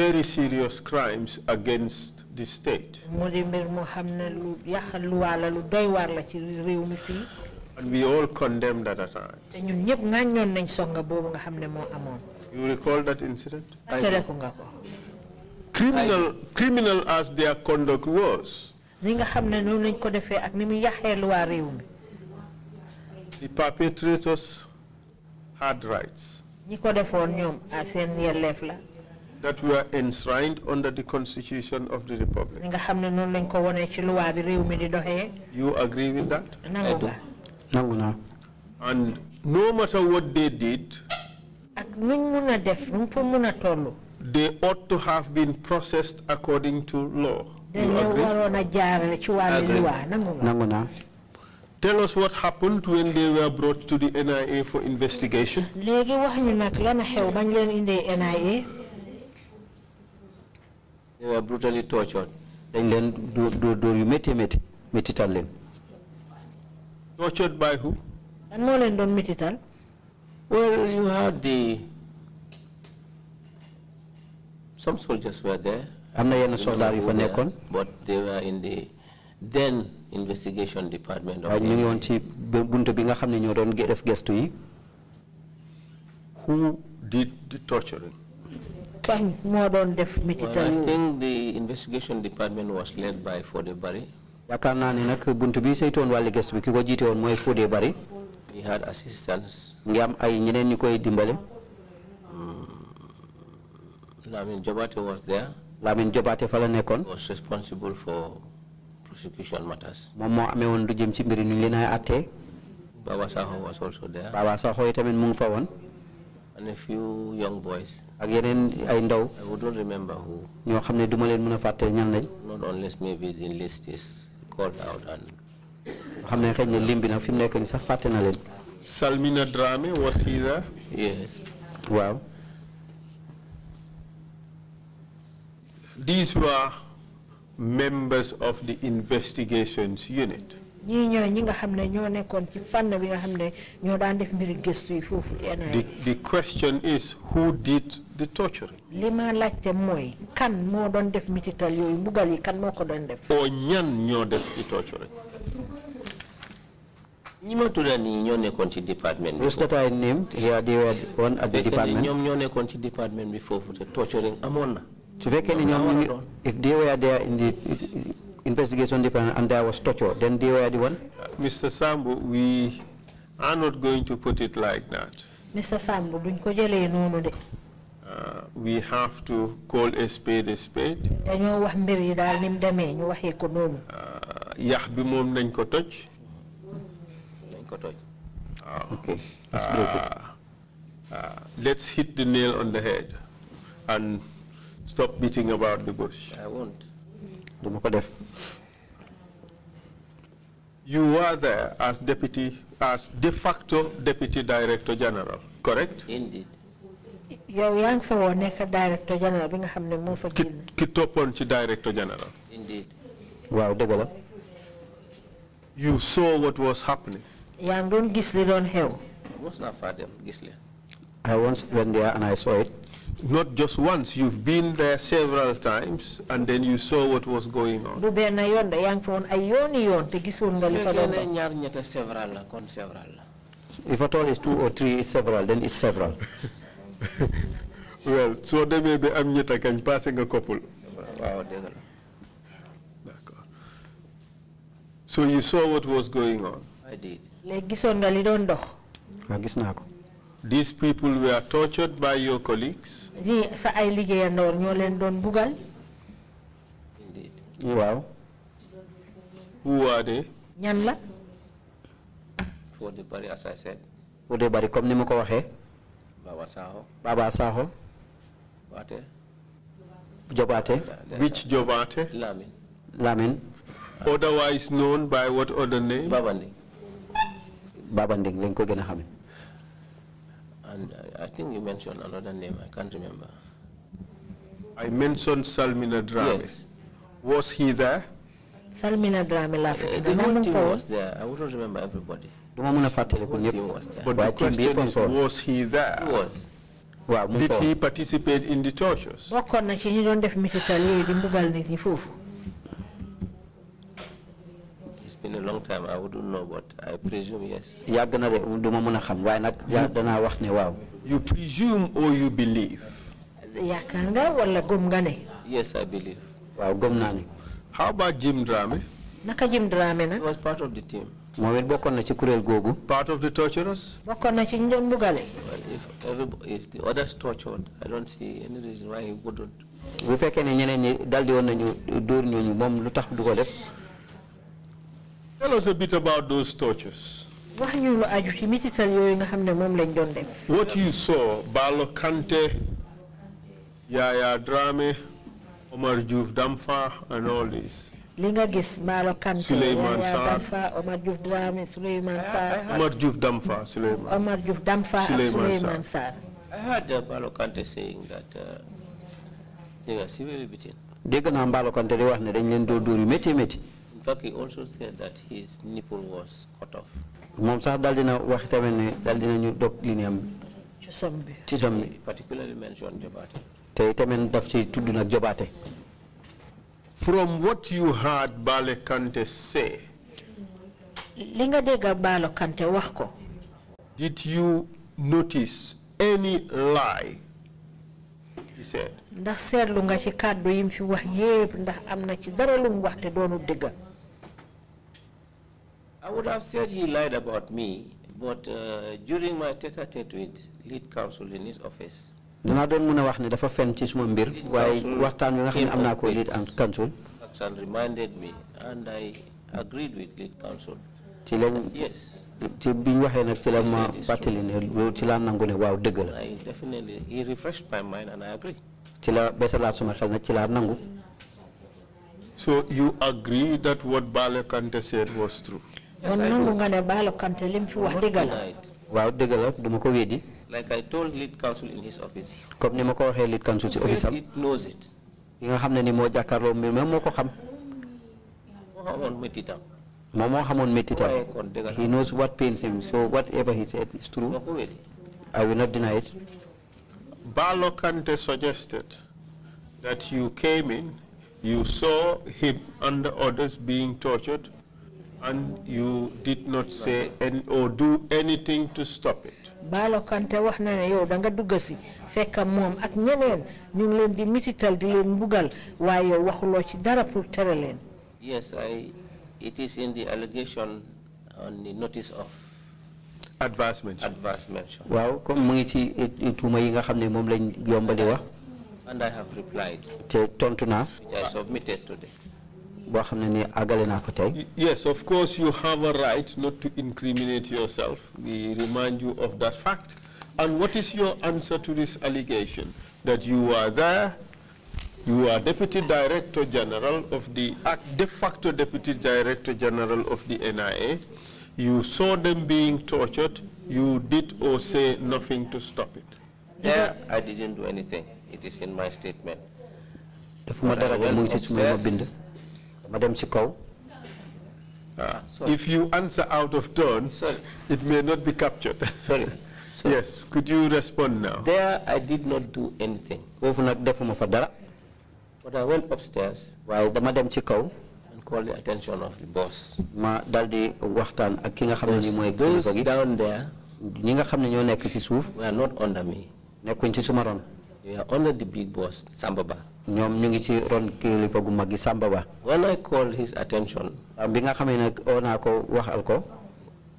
very serious crimes against the state. And we all condemned that time. You recall that incident? Ah, criminal, criminal as their conduct was. The perpetrators had rights that were enshrined under the Constitution of the Republic. You agree with that? I do. No, And no matter what they did, they ought to have been processed according to law. You agree. Tell us what happened when they were brought to the NIA for investigation. They were brutally tortured. Dañ do do you meet him métti méttital leen. Tortured by who? Kan moo leen doon méttital. Well, you had the some soldiers were there. am a soldier if I'm not. but they were in the then investigation department. waaye ñu ngi woon ci buntu bi nga xam ne ñoo who did the torturing fan moo doon def mitital yooyu. I think the investigation department was led by Fodé Barry. Yakanani naa ne nag buntu bi saytoon wàllu gëstu bi ki ko jiite woon Fodé Barry. he had assistance. ngi am ay ñeneen ñu koy dimbale. Mm, Lamin Jobate was there. Lamin Jobate fa la nekkoon. was responsible for prosecution matters. moom moo amee woon lu jëm ci mbiri ñu leen ay àttee. Baba Saho was also there. Baba Saho tamit mu ngi fa woon. and a few young boys. Again, I would not remember who. You have ne remember who. not unless maybe the list is called out and. xam ne xëy na lim bi nag fi mu na Salmina Drame was he there? Yes. Wow. These were members of the investigations unit the question is who did the torturing. li ma laajte mooy kan moo doon def mitital yooyu mbugal yi kan moo ko doon def. oo ñan ñoo def di torturing. ñi ma tudda nii ci département bi. that I named here they were one at the department. ñoom ñoo nekkoon ci département bi foofu te torturing amoon na. if they were there in the investigation department and there was torture, then they were the one? Uh, Mr. Sambo, we are not going to put it like that. Mr. Sambo, duñ uh, we have to call a spade a spade. dañoo wax mbir yi daal ni mu demee uh, uh, let let's hit the nail on the head and stop beating about the bush. I won't du ko def. you were there as deputy, as de facto deputy director general, correct? Indeed. yow yaa ngi fa woon nekk directeur général bi nga xam ne moo fa génn. ki toppoon ci directeur général. indeed. waaw dëgg la. you saw what was happening. yaa ngi doon gis li doon xew. mos naa faa dem gis leen. I once went there and I saw it. Not just once, you've been there several times and then you saw what was going on. yon da yon yon several If at all it's two or three it's several then it's several. well, so demee may am ñetta kañ passing a couple. Waaw dëgg la. So you saw what was going on. I did. Léegi gisoon nga li doon these people were tortured by your colleagues? Bugal. Indeed. Wow. Who are they? Nyanla. For the body, as I said. For the body, come Nimoko he. Baba Saho. Baba Saho. Bate. Jobate. Which Jobate? Lamin. Lamin. Ah. Otherwise known by what other name? Babanding. Babanding, Linko Genahami. And uh, I think you mentioned another name, I can't remember. I mentioned Salmina Drame. Yes. Was he there? Salmina Drame left. Uh, the one who was there. I wouldn't remember everybody. The one who was there. But the question is, was he there? He was. Did he participate in the tortures? been a long time I wouldn't know but I presume yes. you presume or you believe. yes I believe. how about Jim Drame. he was part of the team. part of the torturers. well if if the others tortured I don't see any reason why he wouldn't. Tell us a bit about those torches. What you saw, Balo Kante, Yaya Drame, Omar Juf Damfa, and all this. Linga gis Balo Kante, Suleiman Yaya Omar Juf Drame, Suleiman Sar. Omar Juf Damfa, Suleiman. Omar Juf Damfa, Suleiman Sar. I heard uh, Balo Kante saying that uh, they were severely beaten. Dégg naa Balo Kante di wax ne dañ leen doo dóor yu métti métti. Fakki also said that his nipple was cut off. moom sax daal dina wax tamit ne daal dina ñu dog li am. cisam bi cisam bi. particularly mention jobate. te tamit daf ci tudd nag Jobaate. from what you heard Bale Kante say. li nga dégg Bale Kante wax ko. did you notice any lie he said. ndax seetlu nga ci kàddu yi mu fi wax yépp ndax am na ci dara lu mu wax te doonu dëgg. I would have said he lied about me, but uh, during my tete-a-tete with lead counsel in his office, the doon mën a wax ne dafa fen ci suma mbir waaye waxtaan wi nga xam ne am naa ko lead and counsel and reminded me and I agreed with lead counsel ci la yes ci bi ñu waxee nag ci la ma bàttali ne loolu ci laa nangu ne waaw dëgg la I definitely he refreshed my mind and I agree ci la besalaat suma xel nag ci laa nangu So you agree that what Bale Kante said was true Yes, like I told lead counsel in his office. comme lead counsel office it knows it. he knows what pains him so whatever he said is true. I will not deny it. Barlo Kante suggested that you came in, you saw him under orders being tortured. And you did not say and or do anything to stop it. Balo Kante wax na ne yow da nga dugg si fekk moom ak ñeneen ñu ngi leen di mitital di leen mbugal waaye yow waxuloo ci dara pour tere leen. Yes, I, it is in the allegation on the notice of advance mention. Advance mention. waaw comme mu ngi ci tuuma yi nga xam ne moom lañ yombali wax. And I have replied. te tontu Which I submitted today yes of course you have a right not to incriminate yourself we remind you of that fact and what is your answer to this allegation that you were there you are deputy director general of the uh, de facto deputy director general of the NIA you saw them being tortured you did or say nothing to stop it. Yeah, I didn't do anything. It is in my statement. I went upstairs, Madam Chikau, ci kaw ah. if you answer out of turn, Sorry. it may not be captured. Sorry. So yes, could you respond now? There, I did not do anything. But I went upstairs while the madam Chikau and called the attention of the boss. Those down there are not under me. They are under the big boss, Sambaba ñu ngi ci ron kilifa gu Samba Ba. when I called his attention. bi nga xamee nag oo ko waxal ko.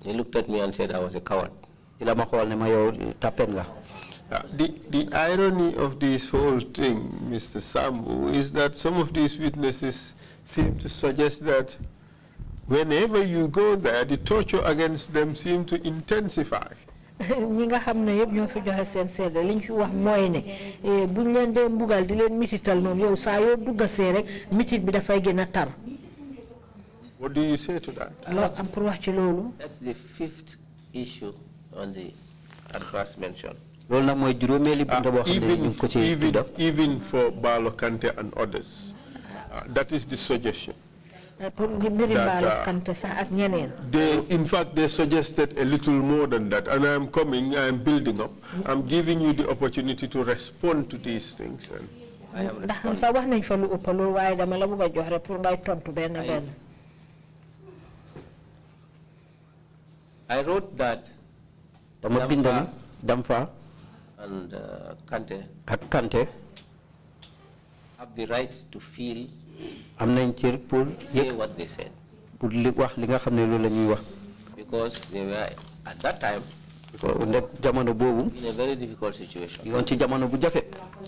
he looked at me and said I was a coward. ma ne ma yow nga. Ah, the, the irony of this whole thing, Mr. Sambu, is that some of these witnesses seem to suggest that whenever you go there, the torture against them seems to intensify. ñi nga ñoo fi joxe fi wax ne eh, buñ leen mbugal di leen yow rek mitit bi tar. What do you say to that? am pour wax ci That's the fifth issue on the adverse mention. Ah, ñu ko ci Even for Barlow Kante and others, ah, that is the suggestion. Uh, they, in fact, they suggested a little more than that. And I'm coming, I'm building up. I'm giving you the opportunity to respond to these things. And I, wrote that Damfa, Damfa and uh, Kante, Kante have the right to feel am nañ cër pour. say what they said. pour li wax li nga loolu wax. because they were at that time. jamono in a very difficult situation. yoon ci jamono bu jafe.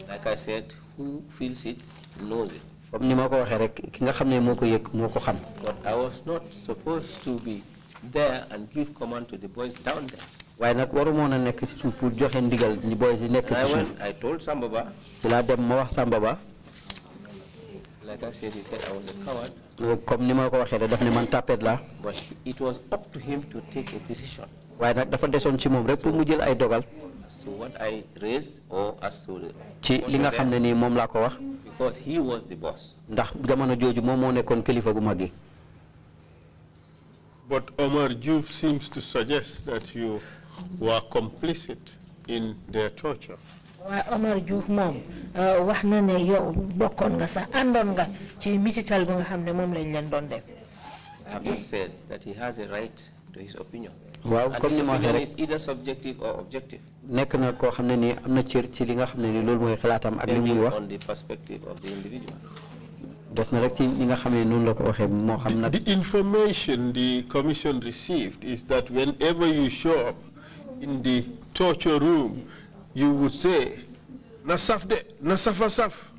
like I said who feels it knows it. comme ni rek ki nga xam. but I was not supposed to be there and give command to the boys down there. waaye nag warumoon a nekk ci pour joxe ndigal ñi boys yi ci suuf. I told Sambaba. ci laa dem ma wax Sambaba like I said, he said I was a coward. Comme ni ma ko waxee daf ne man tapet la. it was up to him to take a decision. waaye nag dafa desoon ci moom rek pour mu jël ay dogal. what I raised or as ci li nga xam ne nii moom laa ko wax. because he was the boss. ndax jamono jooju moom moo nekkoon kilifa gu mag But Omar Diouf seems to suggest that you were complicit in their torture waaye Omar Diouf moom euh, wax na ne yow bokkoon nga sax àndoon nga ci mitital bi nga xam ne moom lañ leen doon def. I have just said that he has a right to his opinion. waaw comme ni ma waxee rek either subjective or objective. nekk na koo xam ne nii am na cër ci li nga xam ne ni loolu mooy xalaatam ak li muy wax. on the perspective of the individual. des na rek ci ñi nga xam ne noonu la ko waxee moo xam nag. The information the commission received is that whenever you show up in the torture room you would say na saf de na safa saf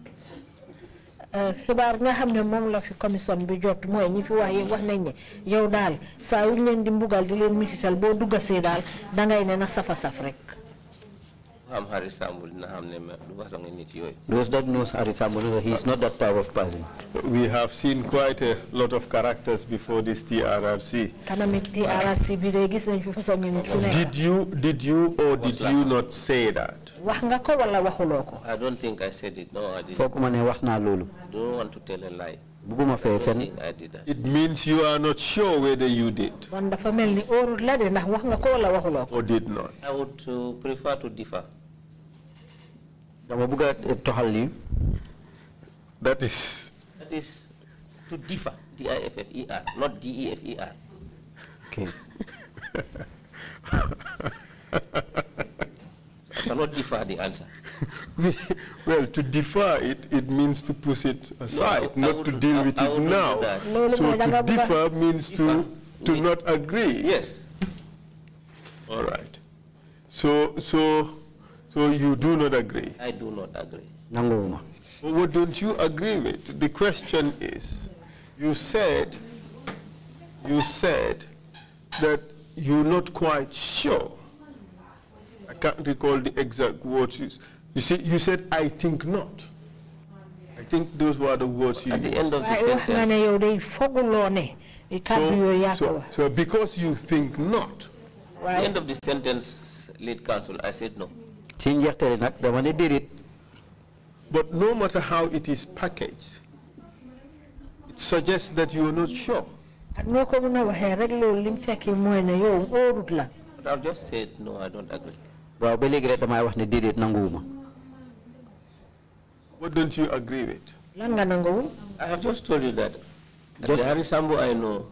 xibaar nga xam ne moom la fi commission bi jot mooy ñi fi wax yi wax nañ ne yow daal saa yu leen di mbugal di leen mitital boo duggasee daal dangay ne na saf rek am Harry Sambul na xamne du façon yoy those that knows Harry Sambul he is not that type of person we have seen quite a lot of characters before this TRRC kanami TRRC bi de gis nañ fi façon nit did you did you or did you not say that wax ko wala waxuloo I don't think I said it no I didn't foog ma ne wax don't want to tell a lie buguma did that. it means you are not sure whether you did Wanda family oru lade na la de ndax ko wala waxuloo or did not I would uh, prefer to differ that is. That is to differ, D I F F E R, not D E F E R. Okay. I cannot defer the answer. well, to defer it, it means to push it aside, no, not to deal I, with it now. No, no, so to defer means to, to not agree. Yes. All right. So, so so you do not agree? I do not agree. Nanguma. Well, what don't you agree with? The question is, you said, you said that you're not quite sure. I can't recall the exact words. You, you see, you said, I think not. I think those were the words you At the end of the sentence. So, so, so because you think not. At the end of the sentence, late counsel, I said no ci njeexteel nag dama ne But no matter how it is packaged, it suggests that you are not sure. But I've just said, no, I don't agree. What don't you agree with? I have just told you that. just the Sambu I know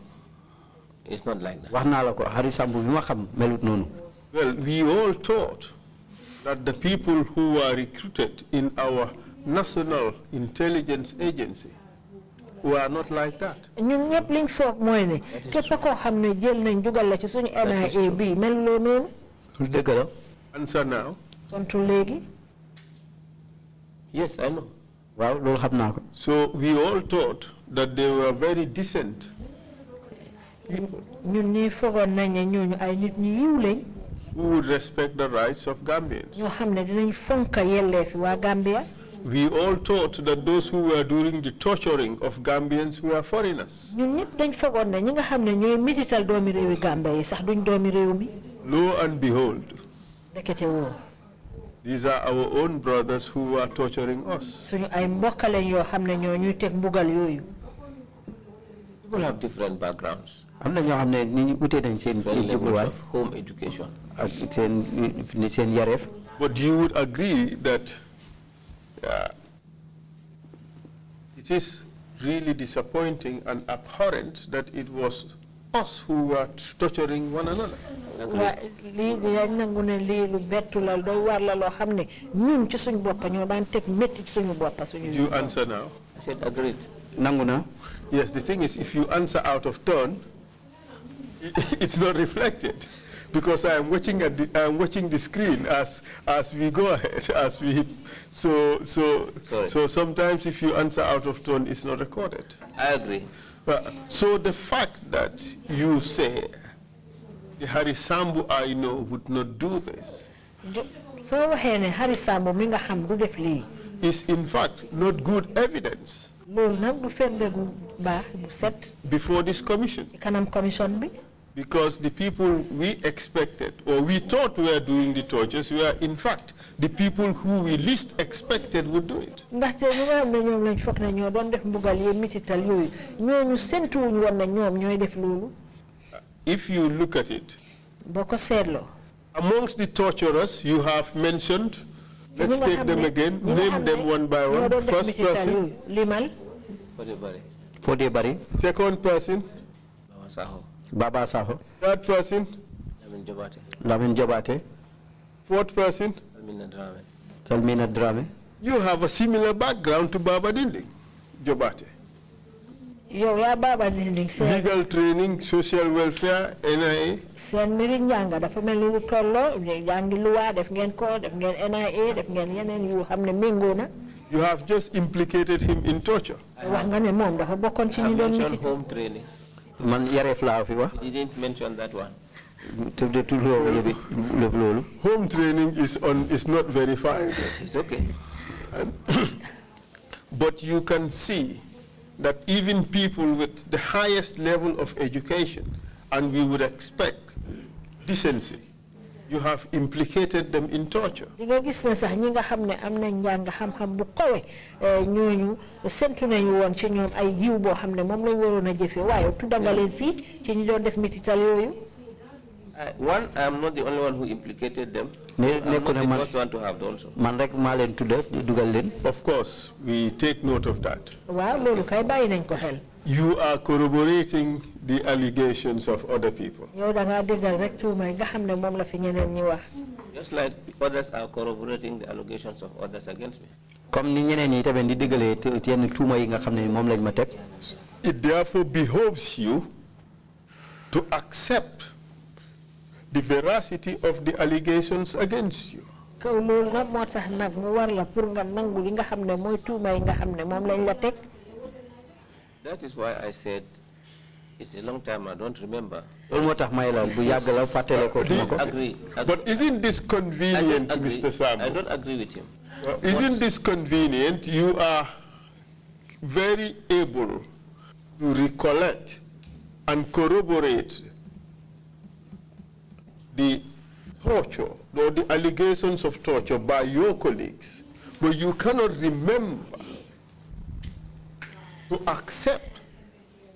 is not like that. Sambu Well, we all thought that the people who were recruited in our national intelligence agency were not like that. ñun ñëpp liñ foog mooy ne képp koo xam ne jël nañ jugal la ci suñu NIA bi mel loo noonu. lu dëgg la. answer now. tontu léegi. yes I know. waaw loolu xam naa ko. so we all thought that they were very decent people. ñun ñii foogoon nañ ne ñooñu ay nit ñu yiw lañ who would respect the rights of Gambians. we all thought that those who were doing the torturing of Gambians were foreigners. Lo and behold. These are our own brothers who are torturing us. People have different backgrounds. am of home education. But you would agree that uh, it is really disappointing and abhorrent that it was us who were torturing one another. Do you answer now. I said agreed. nangu yes the thing is if you answer out of turn it's not reflected because I am watching at the, I'm watching the screen as as we go ahead as we so so Sorry. so sometimes if you answer out of tone it's not recorded. I agree. Uh, so the fact that you say Hari Sambu I know would not do this. So Harisambu Sambu minga ham do Is in fact not good evidence. Before this commission. Kanam commission me? because the people we expected or we thought were doing the tortures were in fact the people who we least expected would do it. Uh, if you look at it. amongst the torturers you have mentioned. let's take them again name them one by one. first person. limal. Fodé Barry. the Barry. second person. Baba Saho. Third person. Lamin Jabate. Lamin Jabate. Fourth person. Salmina Drame. Salmina Drame. You have a similar background to Baba Dinding, Jabate. Your Baba Dinding said. Legal training, social welfare, NIA. Sen miri nyanga dafa melni lu tollo yangi luwa def ngeen ko def ngeen NIA def ngeen yenen yu xamne mingona you have just implicated him in torture. I have, I have mentioned home training man fi wax. didn't mention that one. home training is on is not verified. it's okay. And but you can see that even people with the highest level of education, and we would expect decency, you have implicated them in torture. I, eh, uh, one, I am not the only one who implicated them. I am not the first one to have done so. Man rek ma len tudde Of course, we take note of that you are corroborating the allegations of other people. Just like others are corroborating the allegations of others against me. It therefore behoves you to accept the veracity of the allegations against you. That is why I said it's a long time, I don't remember. agree, But isn't this convenient, Mr. Sam? I don't agree with him. isn't this convenient? You are very able to recollect and corroborate the torture or the allegations of torture by your colleagues, but you cannot remember to accept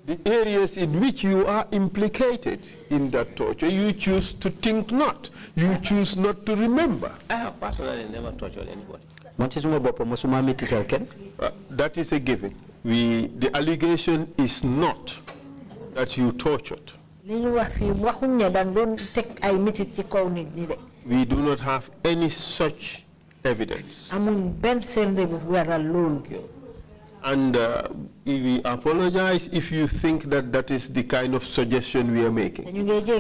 the areas in which you are implicated in that torture. You choose to think not. You choose not to remember. I have personally never tortured anybody. Uh, that is a given. We, the allegation is not that you tortured. We do not have any such evidence. And uh, we apologize if you think that that is the kind of suggestion we are making. But the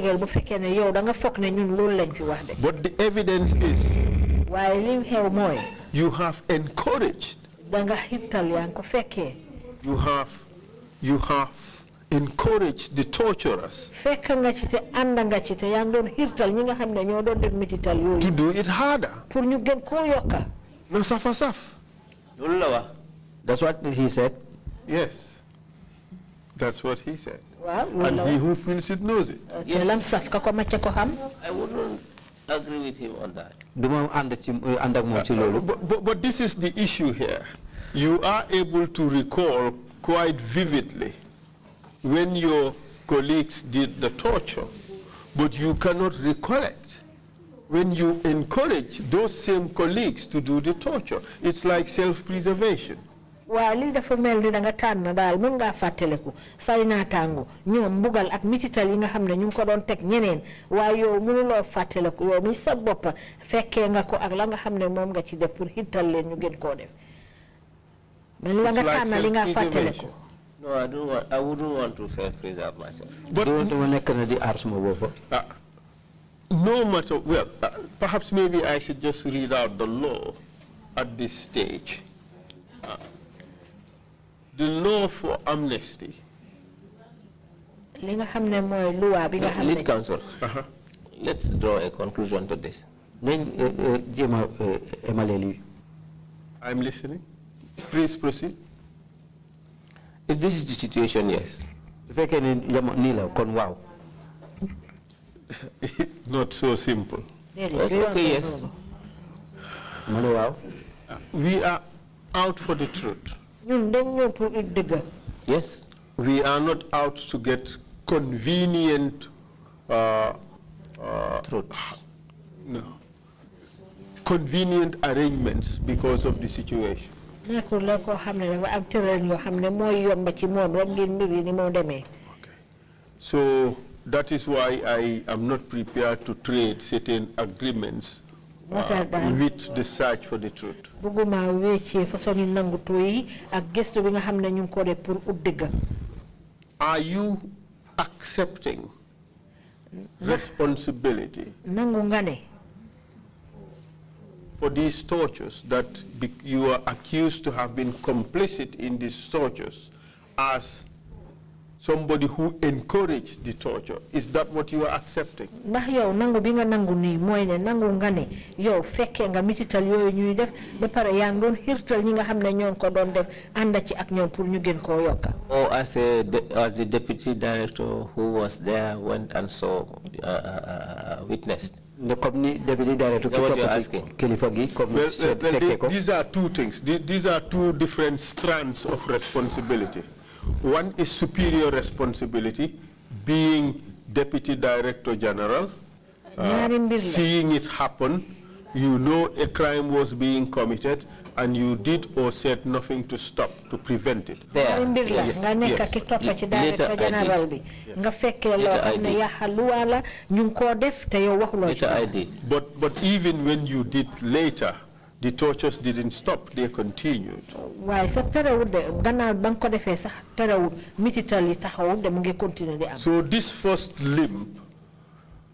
evidence is you have encouraged. You have, you have encouraged the torturers to do it harder. Nasafasaf. That's what he said. Yes. That's what he said. Well, we and know. he who feels it knows it. Yes. I wouldn't agree with him on that. Uh, but, but, but this is the issue here. You are able to recall quite vividly when your colleagues did the torture, but you cannot recollect when you encourage those same colleagues to do the torture. It's like self-preservation ak mitital yi nga ñu ko ñeneen yow mi sa nga ko ak la nga nga ci def pour ñu gën def mel la nga li nga No, I don't want. I wouldn't want to self-preserve myself. But do you want to Kennedy ask me No matter. Well, uh, perhaps maybe I should just read out the law at this stage. Uh, the law for amnesty. lead counsel. Uh-huh. let's draw a conclusion to this. Uh, uh, uh, I'm listening. Please proceed. If this is the situation, yes. Not so simple. Okay, yes. We are out for the truth. Yes. We are not out to get convenient uh, uh, no, convenient arrangements because of the situation. Okay. So that is why I am not prepared to trade certain agreements with ah, the search for the truth. yi ak bi nga ñu ko def pour Are you accepting responsibility? nangu for these tortures that you are accused to have been complicit in these tortures as somebody who encouraged the torture. Is that what you are accepting? nangu nangu nangu nga def ko def ci ak pour ñu gën yokka. Oh, as a as the deputy director who was there went and saw uh, uh, uh, uh witnessed. ne deputy director These are two things. These are two different strands of responsibility. One is superior responsibility, being Deputy Director General, uh, seeing it happen, you know a crime was being committed, and you did or said nothing to stop, to prevent it. Karim Birla, nga nekk ki But but even when you did later, the tortures didn't stop, they continued. So this first limp,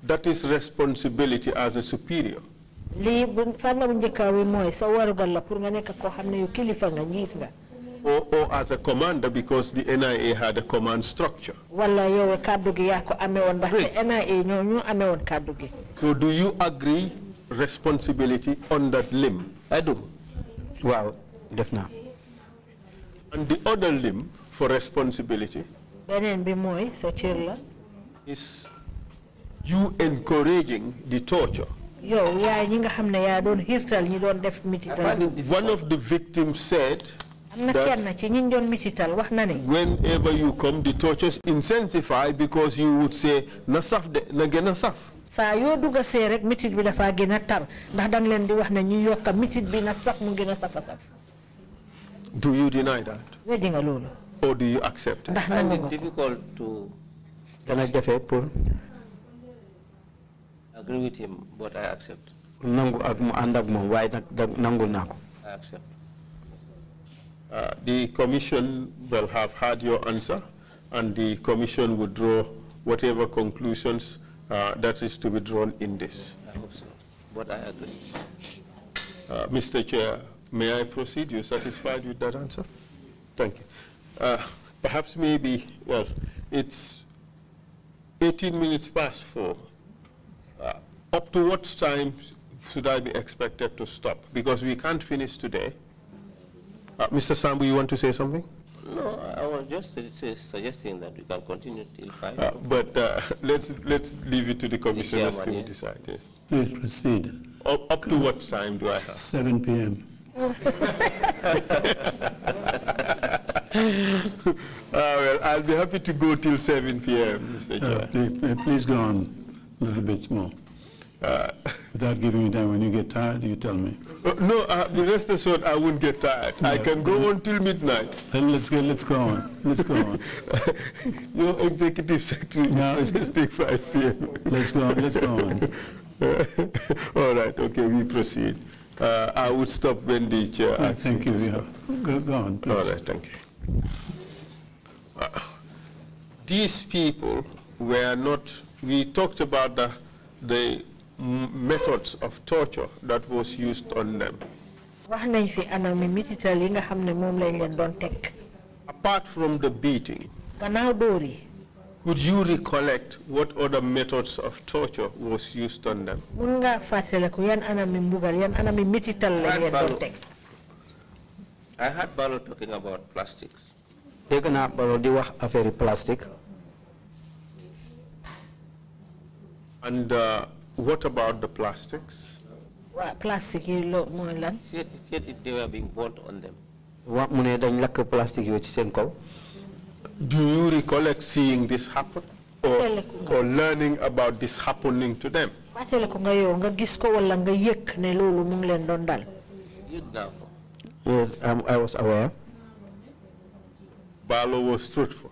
that is responsibility as a superior. Or, or, as a commander because the NIA had a command structure. So do you agree responsibility on that limb? I do. Wow, definitely. And the other limb for responsibility is you encouraging the torture. One of the victims said that whenever you come, the tortures intensify because you would say, Nasaf, Nagenasaf saa yoo dugga see rek mitit bi dafaa gën tar ndax leen di wax ne ñu mitit bi na mu gën safa saf do you deny that weddi nga it. or do you accept it it. Is nga difficult to dana jafe pour agree with him but I accept nangu ak mu ànd ak nangul I accept Uh, the commission will have had your answer and the commission will draw whatever conclusions uh, that is to be drawn in this. I hope so, but I agree. Uh, Mr. Chair, may I proceed? You satisfied with that answer? Thank you. Uh, perhaps maybe, well, it's 18 minutes past four. Uh, up to what time should I be expected to stop? Because we can't finish today. Uh, Mr. Sambu, you want to say something? No, I was just uh, suggesting that we can continue till 5. Uh, but uh, let's, let's leave it to the commissioners to yeah. decide. Yes. Please proceed. Up, up to what time do I have? 7 p.m. Ah, well, I'll be happy to go till 7 p.m., Mr. Uh, Chair. Please, uh, please, go on a little bit more. Uh, Without giving you time, when you get tired, you tell me. Uh, no, uh, rest assured, I won't get tired. Yeah. I can go on till midnight. Then let's go. Let's go on. Let's go on. Your executive secretary now, suggesting 5 p.m. let's go. On, let's go on. All right. Okay, we proceed. Uh, I would stop when the chair. Yeah, thank you. Go, go on. Please. All right. Thank you. Uh, these people were not. We talked about the the methods of torture that was used on them. Apart from the beating, could you recollect what other methods of torture was used on them? I heard Barrow talking about plastics. Taken up Barrow, they were a very plastic. And uh, what about the plastics? What plastic you look more than? Said, said they were being burnt on them. What money lack of plastic you ci sen kaw? Do you recollect seeing this happen or, or learning about this happening to them? What ko you yow nga gis ko wala nga yek ne lolu mu ngi len don dal. Yes, um, I was aware. Balo was truthful.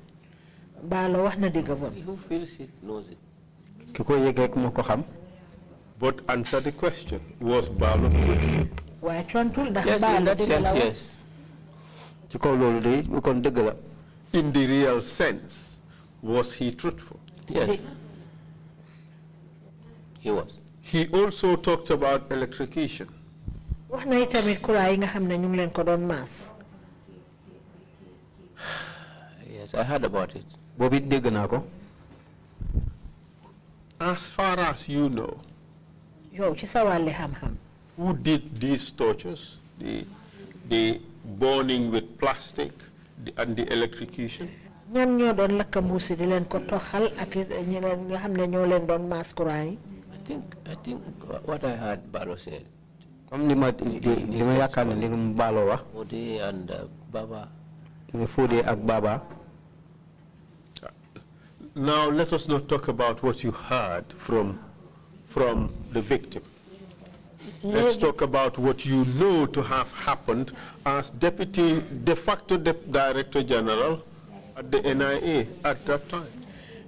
Balo wax na deug Who feels it knows it. Kiko yek rek moko but answer the question. Was ballot guilty? yes in that sense yes ci call loolu day in the real sense was he truthful yes he was he also talked about electrocution yes i heard about it as far as you know who did these tortures the the burning with plastic and the electrocution. I think I think what I heard Baro said. comme li ma li ma yaakaar ne li mu Fodé and uh, Baba. Fodé Baba. Now let us not talk about what you heard from from the victim. Let's talk about what you know to have happened as Deputy De facto De Director General at the NIA at that time.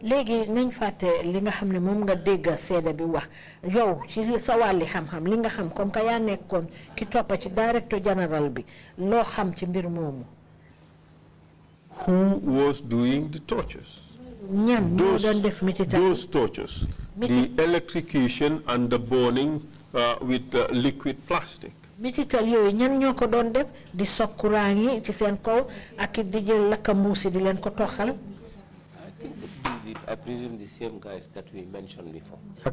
Legi nañ fàtte li nga xam ne moom nga dégg seede bi wax yow ci sa wàlli xam-xam li nga xam comme que yaa nekkoon ki toppa ci directeur général bi lo xam ci mbir moomu. Who was doing the tortures? those, those tortures, the electrocution and the burning uh, with uh, liquid plastic. mitital yooyu ñan ñoo ko I presume the same guys that we mentioned before. Eh,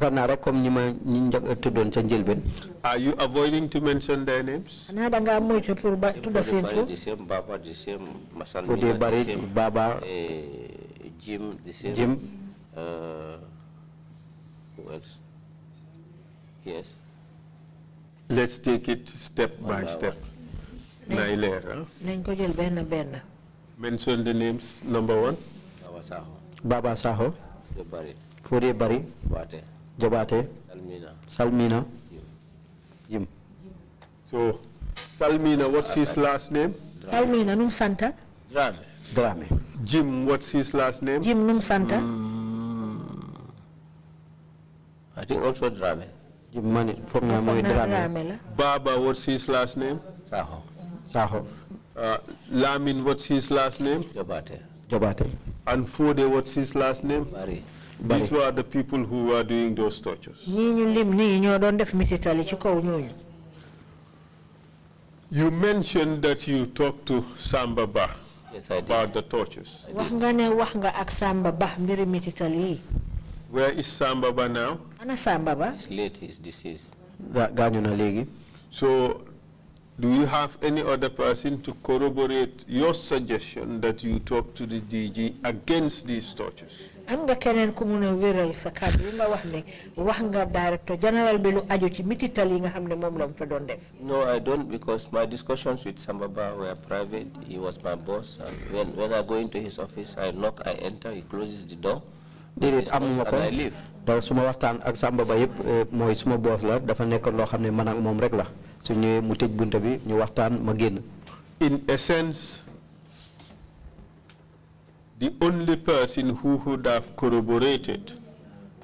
Are you avoiding to mention their names? xanaa da ngaa moytu pour ba tudda seen tur. fu dee bari Baba. Jim, this is Jim. Uh, who else? Yes. Let's take it step by step. Nailera. Mention the names. Number one. Baba Saho. Baba Saho. Jabari. Fourier Bari. Jabate. Jabate. Salmina. Salmina. Jim. So, Salmina, what's his last name? Salmina, no Santa. Drame. Drame. Jim, what's his last name? Jim Mumsanta. Mm. I think also Drame. Jim Mani, from mother Drame. Baba, what's his last name? Saho. Saho. Uh, Lamin, what's his last name? Jobate. Jobate. And Fode, what's his last name? Bari. Bari. These were the people who were doing those tortures. You mentioned that you talked to Samba Ba yes, about the tortures. Where is Samba now? ana Samba Ba. He's late, he's deceased. gaañu na léegi. So do you have any other person to corroborate your suggestion that you talk to the DG against these tortures? am nga ku mun wéral sa kàddu yi nga wax ne wax nga directeur général bi lu aju ci mitital yi nga xam ne moom fa doon def. no I don't because my discussions with Sambaba were private he was my boss and when when I go into his office I knock I enter he closes the door. déedéet amuma ko donc suma waxtaan ak Sambaba yëpp euh, mooy suma boos la dafa nekk loo xam ne man ak moom rek la su ñëwee mu tëj bunta bi ñu waxtaan ma génn. in essence the only person who would have corroborated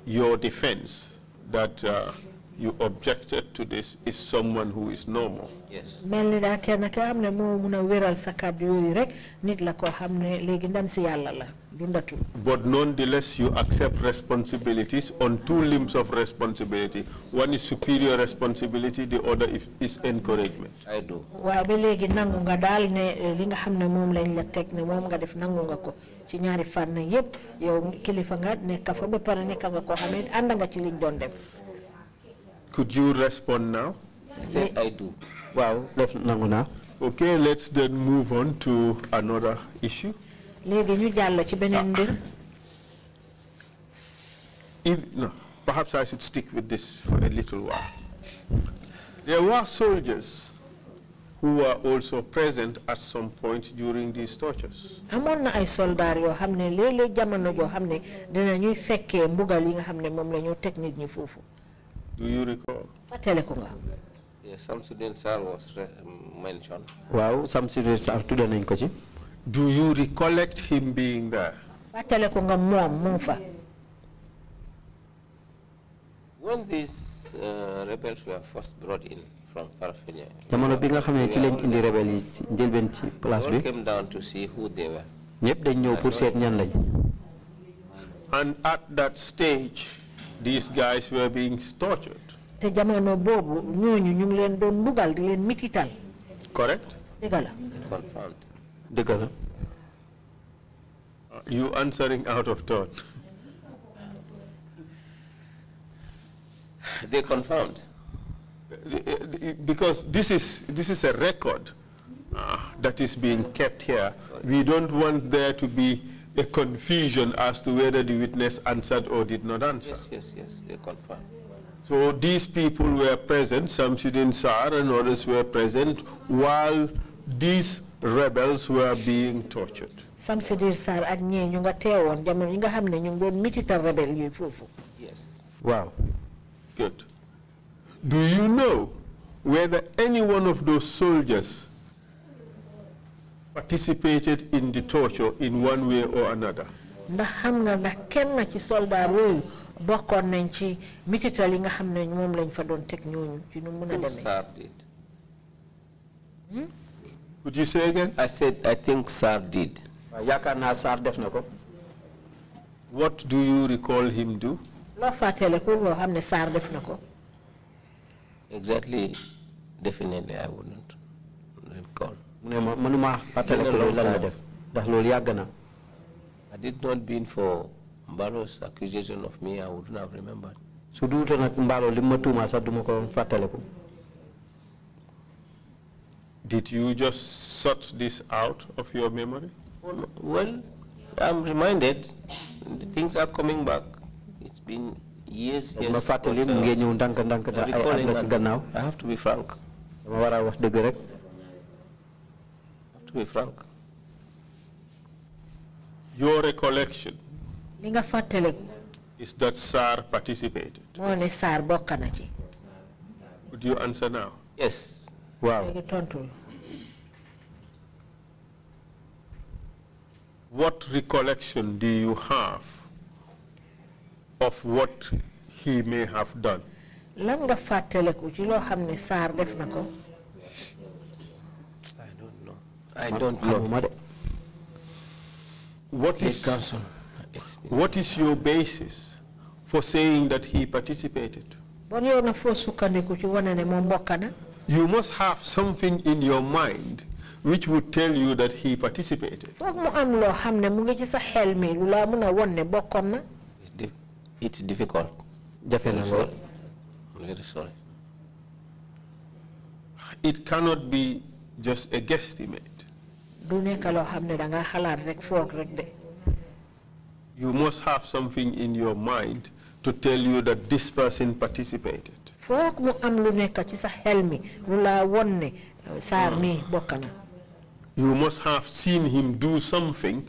your defense that uh, you objected to this is someone who is normal. Yes. but nonetheless you accept responsibilities on two limbs of responsibility one is superior responsibility the other is encouragement. I do yow kilifa nga fa ba nga ànd nga ci liñ doon def. Could you respond now? I say I do. Wow, def nangu Okay, let's then move on to another issue. léegi ñu jàll ci mbir. Ah. If, no, perhaps I should stick with this for a little while. There were soldiers who were also present at some point during these tortures. ay jamono mbugal yi nga nit ñi do you recall. fàttale ko nga. yes Samsudeen Sarr was mentioned. Wow, Samsudeen Sarr tudde nañ ko ci. do you recollect him being there. fàttale ko nga fa. when these uh, rebels were first brought in from Farafenni. bi nga ci lañ indi rebel yi ci place bi. came down to see who they were. dañ ñëw pour ñan lañ. and at that stage these guys were being tortured. te jamono ñooñu ñu ngi leen doon mbugal di leen correct. dëgg confirmed. dëgg uh, you answering out of thought. they confirmed because this is, this is a record uh, that is being kept here. We don't want there to be a confusion as to whether the witness answered or did not answer. Yes, yes, yes, they confirm. So these people were present, some students are and others were present, while these rebels were being tortured. Some students Sar ak ñi ñu nga teewoon jamono ñi nga xam ñu ngi doon rebel Yes. Wow. Good. Do you know whether any one of those soldiers participated in the torture in one way or another? ndax xam nga kenn ci soldat yooyu nañ ci yi nga lañ fa doon ñooñu ci nu did. Hmm? Would you say again? I said I think Sarr did. def What do you recall him do? loo fàttaliku loo xam ne Sarr def exactly definitely I wouldn't recall. Had it not been for Mbaro's accusation of me, I wouldn't have remembered. su duutoon ak mbaalo li ma tuumaal sax duma ko fàttaliku. did you just sort this out of your memory. well I'm reminded things are coming back it's been yes yes ma mu ñëw ndànk ndànk da ay ci gannaaw I have to be frank dama wax rek I have to be frank your recollection li nga fàttaliku is that SAR participated Mo ne SAR bokk ci would you answer now yes Wow. what recollection do you have of what he may have done. nga ci def I don't know. I don't know. What is What is your basis for saying that he participated? bon ci You must have something in your mind which would tell you that he participated. foog mu am loo xam mu ngi ci sa xel mi lu laa na it's difficult. Definitely, I'm very sorry. It cannot be just a guesstimate. ne You must have something in your mind to tell you that this person participated. mu am You must have seen him do something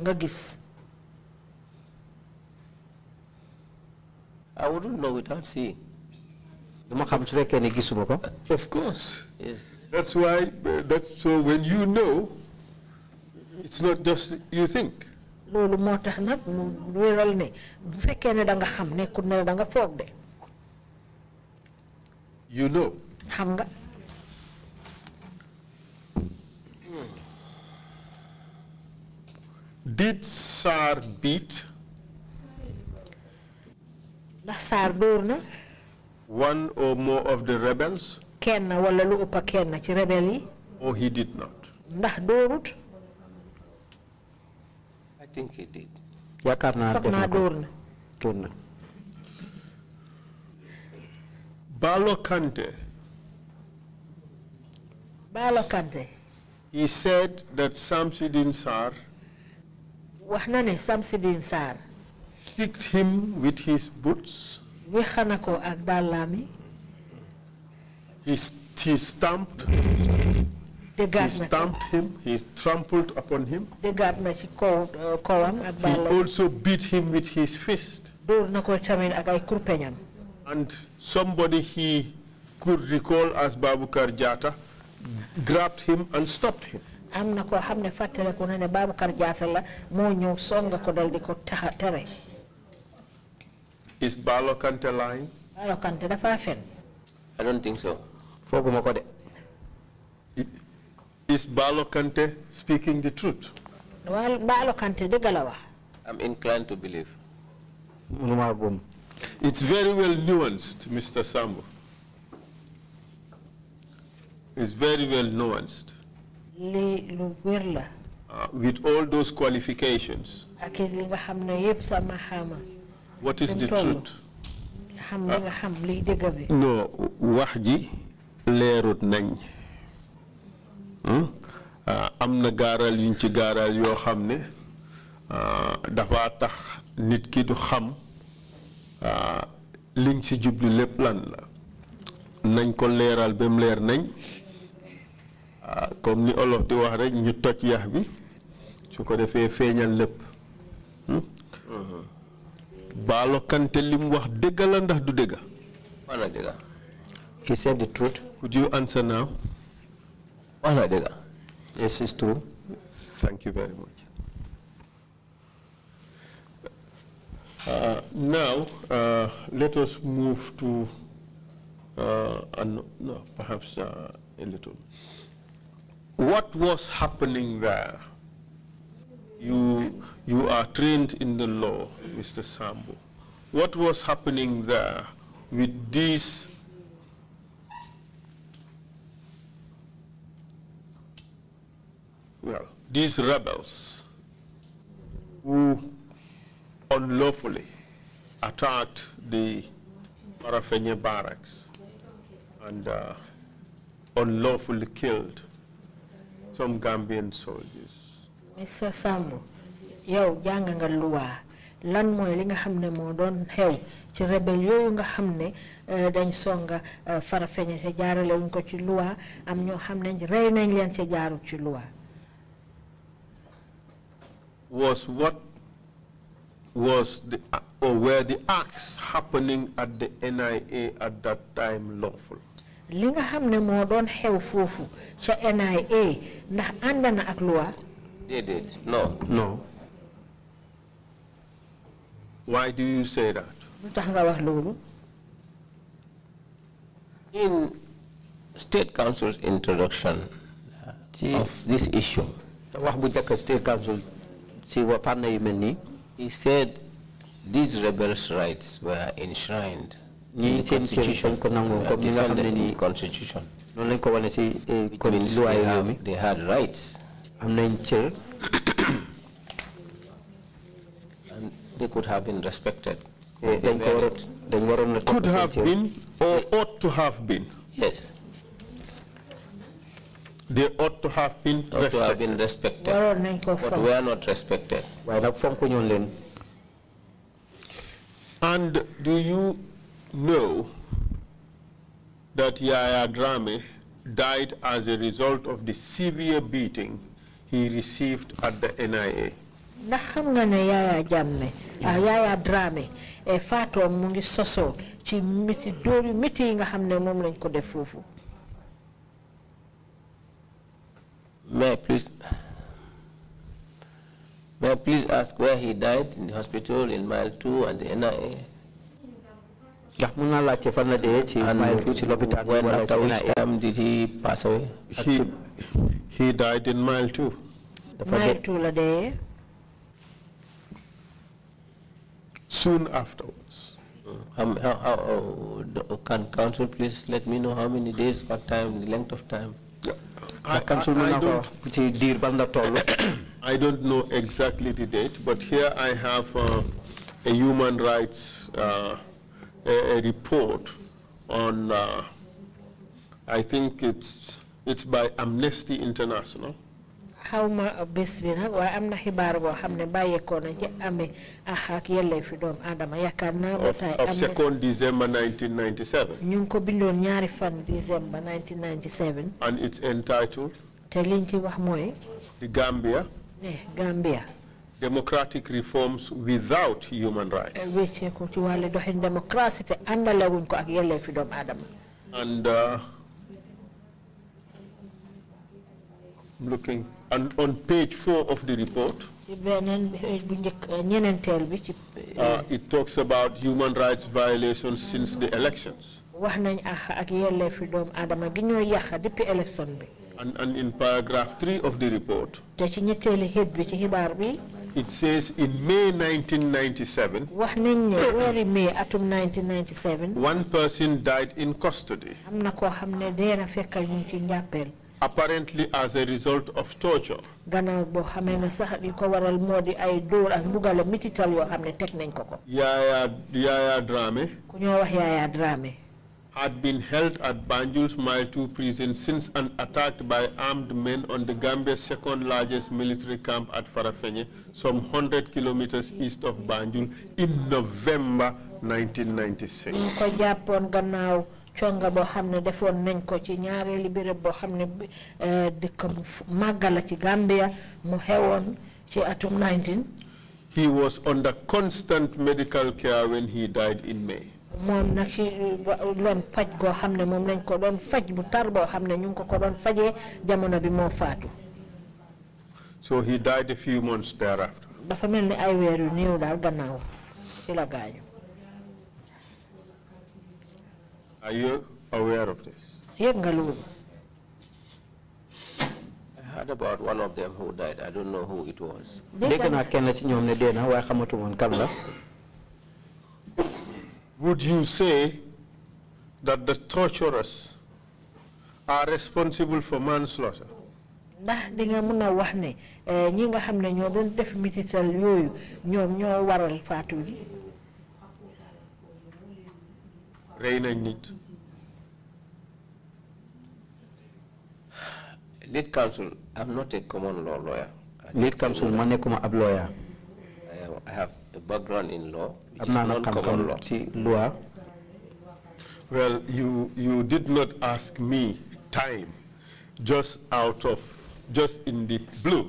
nga I wouldn't know without seeing. Of course. Yes. That's why, that's so when you know, it's not just you think. loolu moo tax nag mu wéeral ne bu fekkee ne da nga xam nekkul ne da nga foog de. you know. xam nga. did Sar beat? ndax one or more of the rebels? kenn wala lu upa kenn ci rebel or oh, he did not. ndax dóorut. I think he did. Yakarna naa def na dóor na. He said that Samsidin Sar wax Samsidin kicked him with his boots wéxa na ko ak he, he stamped he stamped him, he trampled upon him. Uh, he also beat him with his fist. And somebody he could recall as Babukar Jata grabbed him and stopped him ko la ñëw songa ko dal tere is Balokante Kante lying Baalo Kante dafa fen I don't think so fooguma ko de is Baalo Kante speaking the truth waaw Baalo Kante dëgg I'm inclined to believe It's very well nuanced, Mr. Sambo. It's very well nuanced. Uh, with all those qualifications, what is the truth? Uh, no, wax leerut nañ. Hmm? Uh, am na gaaral yuñ ci gaaral yoo xam ne uh, dafa tax nit ki du xam uh, liñ ci jublu lépp lan la nañ ko leeral ba leer nañ comme ni olof di wax rek ñu toj yax bi su ko defee feeñal lépp hmm? uh-huh. baalo kante li mu wax dëgg la ndax du dëgg wax na dëgg he said the truth could you answer now wax na yes it's true thank you very much Uh, now, uh, let us move to, uh, no, perhaps uh, a little what was happening there? You, you are trained in the law, Mr. Sambo. What was happening there with these well, these rebels who unlawfully attacked the Marafenye barracks and uh, unlawfully killed some Gambian soldiers. Mr. Sambo, yow nga lan li nga doon xew ci rebel nga euh, dañ songa euh, jaarale wuñ ko ci am nañ ci was what was the or were the acts happening at the NIA at that time lawful li nga xam ne moo doon xew foofu NIA ndax ànd na ak loi. déedéet non non. why do you say that. nga wax in state council's introduction. of this issue. wax bu state council ci wa he said these rebels' rights were enshrined. Mm, constitution ko nga constitution lañ ko eh, commune loi mi they had rights am nañ and they could have been respected eh, dañ ko dañ na could have been or eh. ought to have been yes they ought to have been ought respected. to have been respected but are not respected waaye not from ñoon leen and do you know that Yaya Drame died as a result of the severe beating he received at the NIA? ndax xam Yaya Dramé, ah, Yaya Drame eh, faatoom mu ngi sosoo ci miti dóor yu miti yi nga xam ne moom lañ ko May please may please ask where he died in the hospital in mile two and the NIA mun na lace fanna da ya ce bayan when after which time did he pass away he, he died in mile 2 mile 2 la day. soon afterwards um, how, how, oh, can council please let me know how many days what time the length of time yeah. I, I, I, don't, I don't know exactly the date, but here I have uh, a human rights uh, a, a report on, uh, I think it's, it's by Amnesty International. xawma bés bi nag waaye am na xibaar boo xam ne bàyyeekoo na ci amee ak ak yelleefi doomu aadama yaakaar naa. ba taay am na second December 1997. ñu ngi ko bindoon ñaari fan December 1997. and it's entitled. te liñ ci wax mooy. the Gambia. eh Gambia democratic reforms without human rights. Eh, and uh, looking and on page four of the report, eh, eh, uh, it talks about human rights violations since the elections. And, and in paragraph three of the report, it says in May 1997, one person died in custody, apparently as a result of torture. Yaya, Yaya Drame had been held at Banjul's Mile 2 prison since an attack by armed men on the Gambia's second largest military camp at Farafenye, some 100 kilometers east of Banjul, in November 1996. Eh, he was under constant medical care when he died in May loon faj lañ ko doon faj bu tar ñu ko ko doon jamono bi faatu. so he died a few months thereafter. dafa mel ay weer yu néew daal gannaaw ci la are you aware of this? yëg nga I heard about one of them who died. I don't know who it was. dégg naa ci ñoom ne xamatu kan la. would you say that the torturers are responsible for manslaughter? ndax di nga mën a wax ne eh, ñi nga xam ne ñoo doon def mitital yooyu ñoom ñoo waral faatu gi rey nañ nit lead counsel I'm not a common law lawyer lead counsel ma nekkuma ab lawyer I have a background in law well you you did not ask me time just out of just in the blue.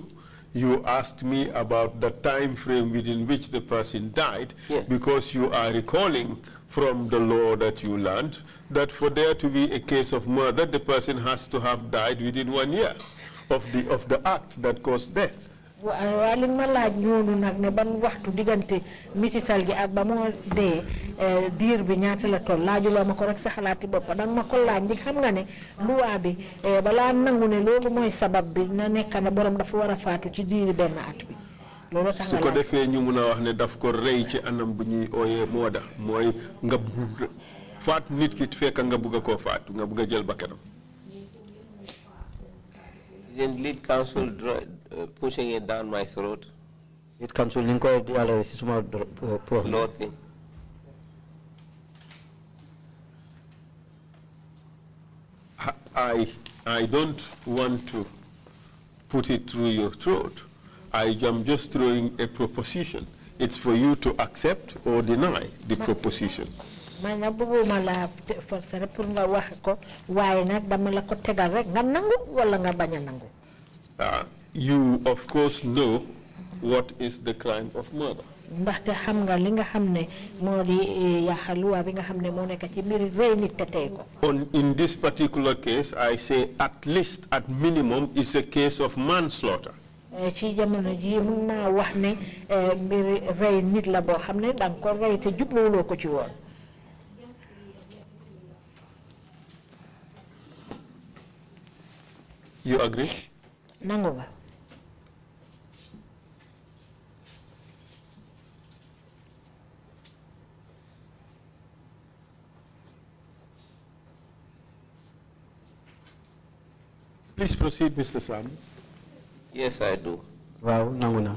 you asked me about the time frame within which the person died yeah. because you are recalling from the law that you learned that for there to be a case of murder, the person has to have died within one year of the, of the act that caused death waaw li ma laaj ñoonu nag ne ban waxtu diggante mitital gi ak ba moo dee eh, diir bi ñaata la toll laajuloo ma ko rek sa xalaati ma ko laaj ndig xam nga ne bi eh, balaa nangu ne loolu mooy sabab bi na ne borom dafa war a faatu ci diiri benn at bi loolu tax su ko defee ñu mun a wax ne daf ko rey ci anam bu ñuy ooyee mooda mooy nga faat nit ki fekk nga bugg koo faat nga bugg a jël bakkanam isn't lead council uh, pushing it down my throat? Lead council ninko dialere sisuma uh, pro. Lotni. Eh. I I don't want to put it through your throat. I am just throwing a proposition. It's for you to accept or deny the proposition man forcer pour nga wax ko dama la ko tegal rek nga wala nga ah, you of course know what is the crime of murder. xam nga li nga eh, bi nga ci nit te ko. on in this particular case I say at least at minimum is a case of manslaughter. Eh, ci jamono ji naa wax ne eh, rey nit la boo xam ne ko rey te jubluwuloo ko ci woon. you agree nangu Please proceed, Mr. Sam. Yes, I do. Wow, Nanguna.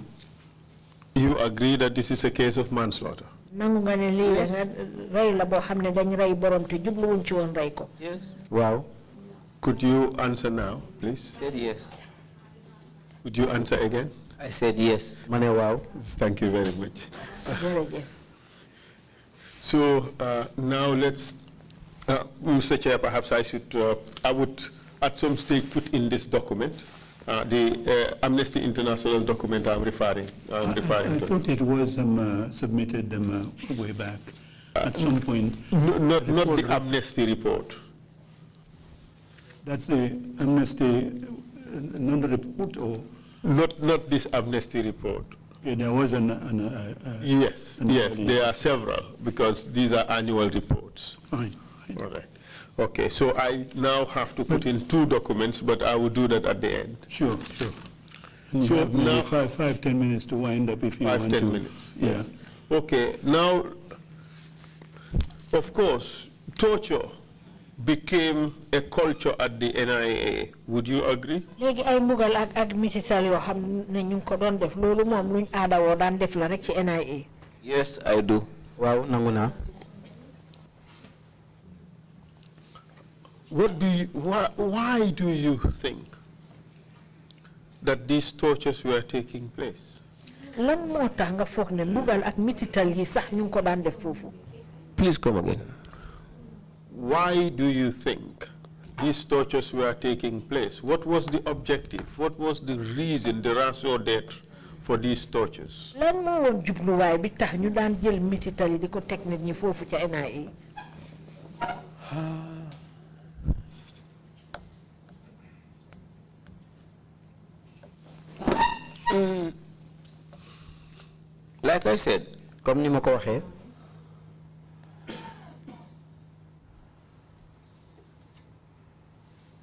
You agree that this is a case of manslaughter? Yes. Wow. Could you answer now, please? said yes. Would you answer again? I said yes. Manewa. Thank you very much. So uh, now let's, uh, Mr. Chair, perhaps I should, uh, I would at some stage put in this document, uh, the uh, Amnesty International document I'm referring, I'm referring I, I, I to. I thought it was um, uh, submitted um, way back at some point. not, not the Amnesty report. That's the amnesty non-report or? Not, not this amnesty report. Okay, there was an... an uh, uh, yes, an yes, there are several because these are annual reports. Fine. fine. All right. Okay, so I now have to put but in two documents, but I will do that at the end. Sure, sure. And so now five, five, ten minutes to wind up if you five, want ten to. minutes. Yeah. Yes. Okay, now, of course, torture became a culture at the NIA. Would you agree? léegi ay mbugal ak ak misisal yoo ñu ko doon def loolu moom luñ aada daan def la rek ci NIA. yes I do. Wow, nangu what do you why, why do you think that these tortures were taking place? lan moo tax nga foog ne mbugal ak mitital sax ñu ko daan def please come again why do you think these tortures were taking place? What was the objective? What was the reason, the ratio d'etre for these tortures? lan moo woon jubluwaay bi tax ñu daan jël mitital yi di ko teg nit ñi foofu ca NIA. Hmm. Like I said, comme ni ma ko waxee.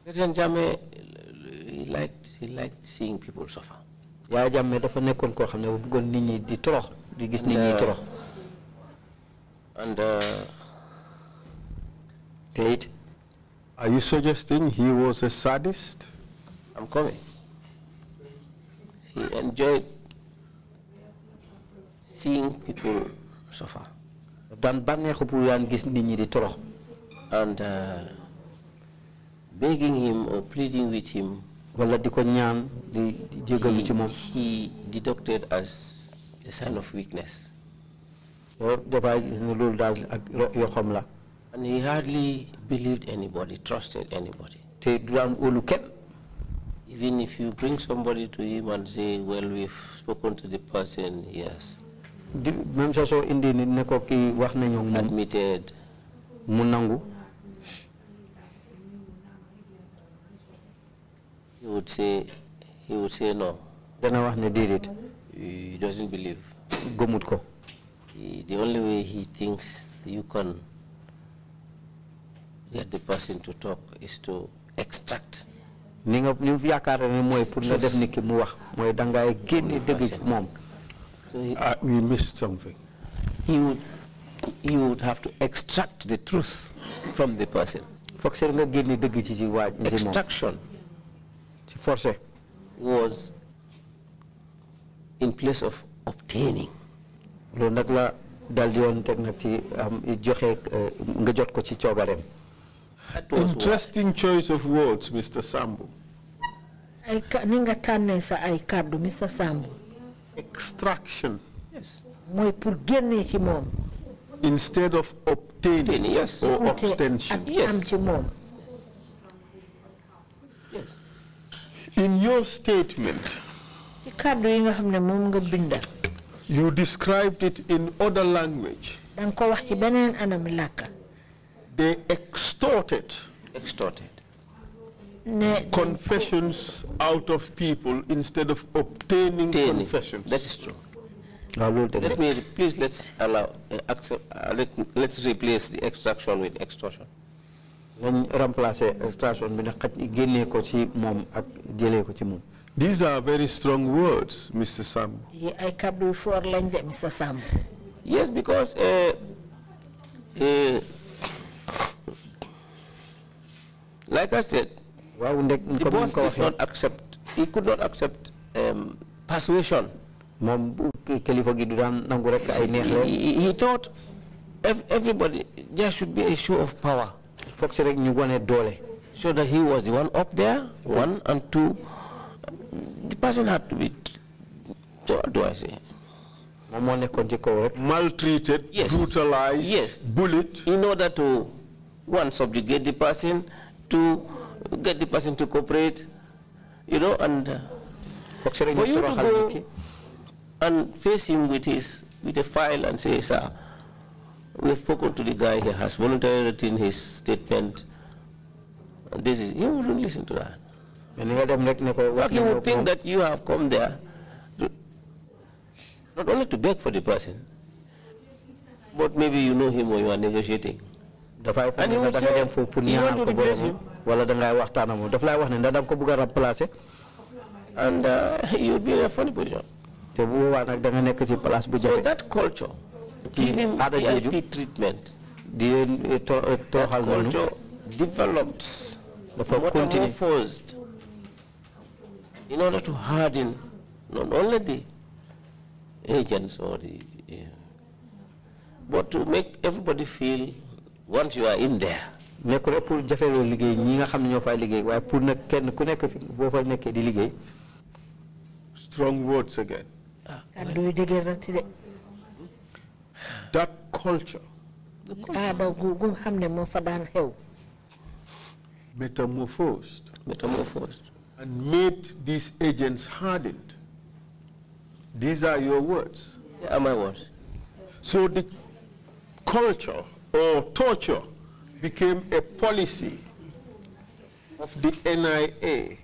President Jame, he liked he liked seeing people suffer. Yaya Jammeh dafa nekkoon koo xam ne bu bëggoon nit ñi di torox di gis nit ñi torox. And uh, te it. Are you suggesting he was a sadist? I'm coming. He enjoyed seeing people suffer. daan bànneexu pour daan gis nit ñi di torox. And. Uh, begging him or pleading with him, he, he deducted as a sign of weakness. And he hardly believed anybody, trusted anybody. Even if you bring somebody to him and say, well, we've spoken to the person, yes. Admitted. Munangu. He would say, he would say no. Then I wax did it. He doesn't believe. Go mutko. The only way he thinks you can get the person to talk is to extract ni nga ñu yaakaar ne mooy pour nga def nit ki mu wax mooy dangay ah, we missed something. he would he would have to extract the truth from the person. extraction forcé was in place of obtaining Lo nag la dal di yoon teg nag ci am joxe eh, nga jot ko ci coobareem interesting choice of words Mr. Sambu ay ni nga tànnee sa ay kàddu Mr. Sambu extraction yes mooy pour génnee ci moom instead of obtaining yes or abstention yes am ci moom yes in your statement, you described it in other language. They extorted, extorted confessions out of people instead of obtaining, obtaining. confessions. That is true. let me, please let's allow, uh, accept, uh, let, let's replace the extraction with extortion lañ remplacer station bi nag xaj ko ci moom ak jëlee ko ci These are very strong words, Mr. Sam. Mr. Sam. Yes, because uh, uh, like I said, wow. the boss did not accept. He could not accept um, persuasion. he thought everybody there should be a show of power foog si rek ñu wane doole. so that he was the one up there, one and two. The person had to be, so what do I say? Maltreated, yes. brutalized, yes. bullied. In order to, one, subjugate the person, to get the person to cooperate, you know, and uh, for you to go and face him with, his, with a file and say, sir, We've spoken to the guy, he has voluntarily written his statement. And this is, you wouldn't listen to that. And he had a fact, you would think that you have come there to, not only to beg for the person, but maybe you know him or you are negotiating. And foog would danga dem foofu pour ñaanal ko boroom wala dangay waxtaan and uh, be in a funny position. so that culture ci other jooju treatment the leen tooxal noonu developed dafa continue in order to harden not only the agents or the yeah, but to make everybody feel once you are in there pour ñi nga ñoo fay pour kenn ku nekk fi fa di strong words again ah kaddu ci that culture aada ah, googu metamorphosed metamorphosed and made these agents hardened these are your words yeah, are my words so the culture or torture became a policy of the NIA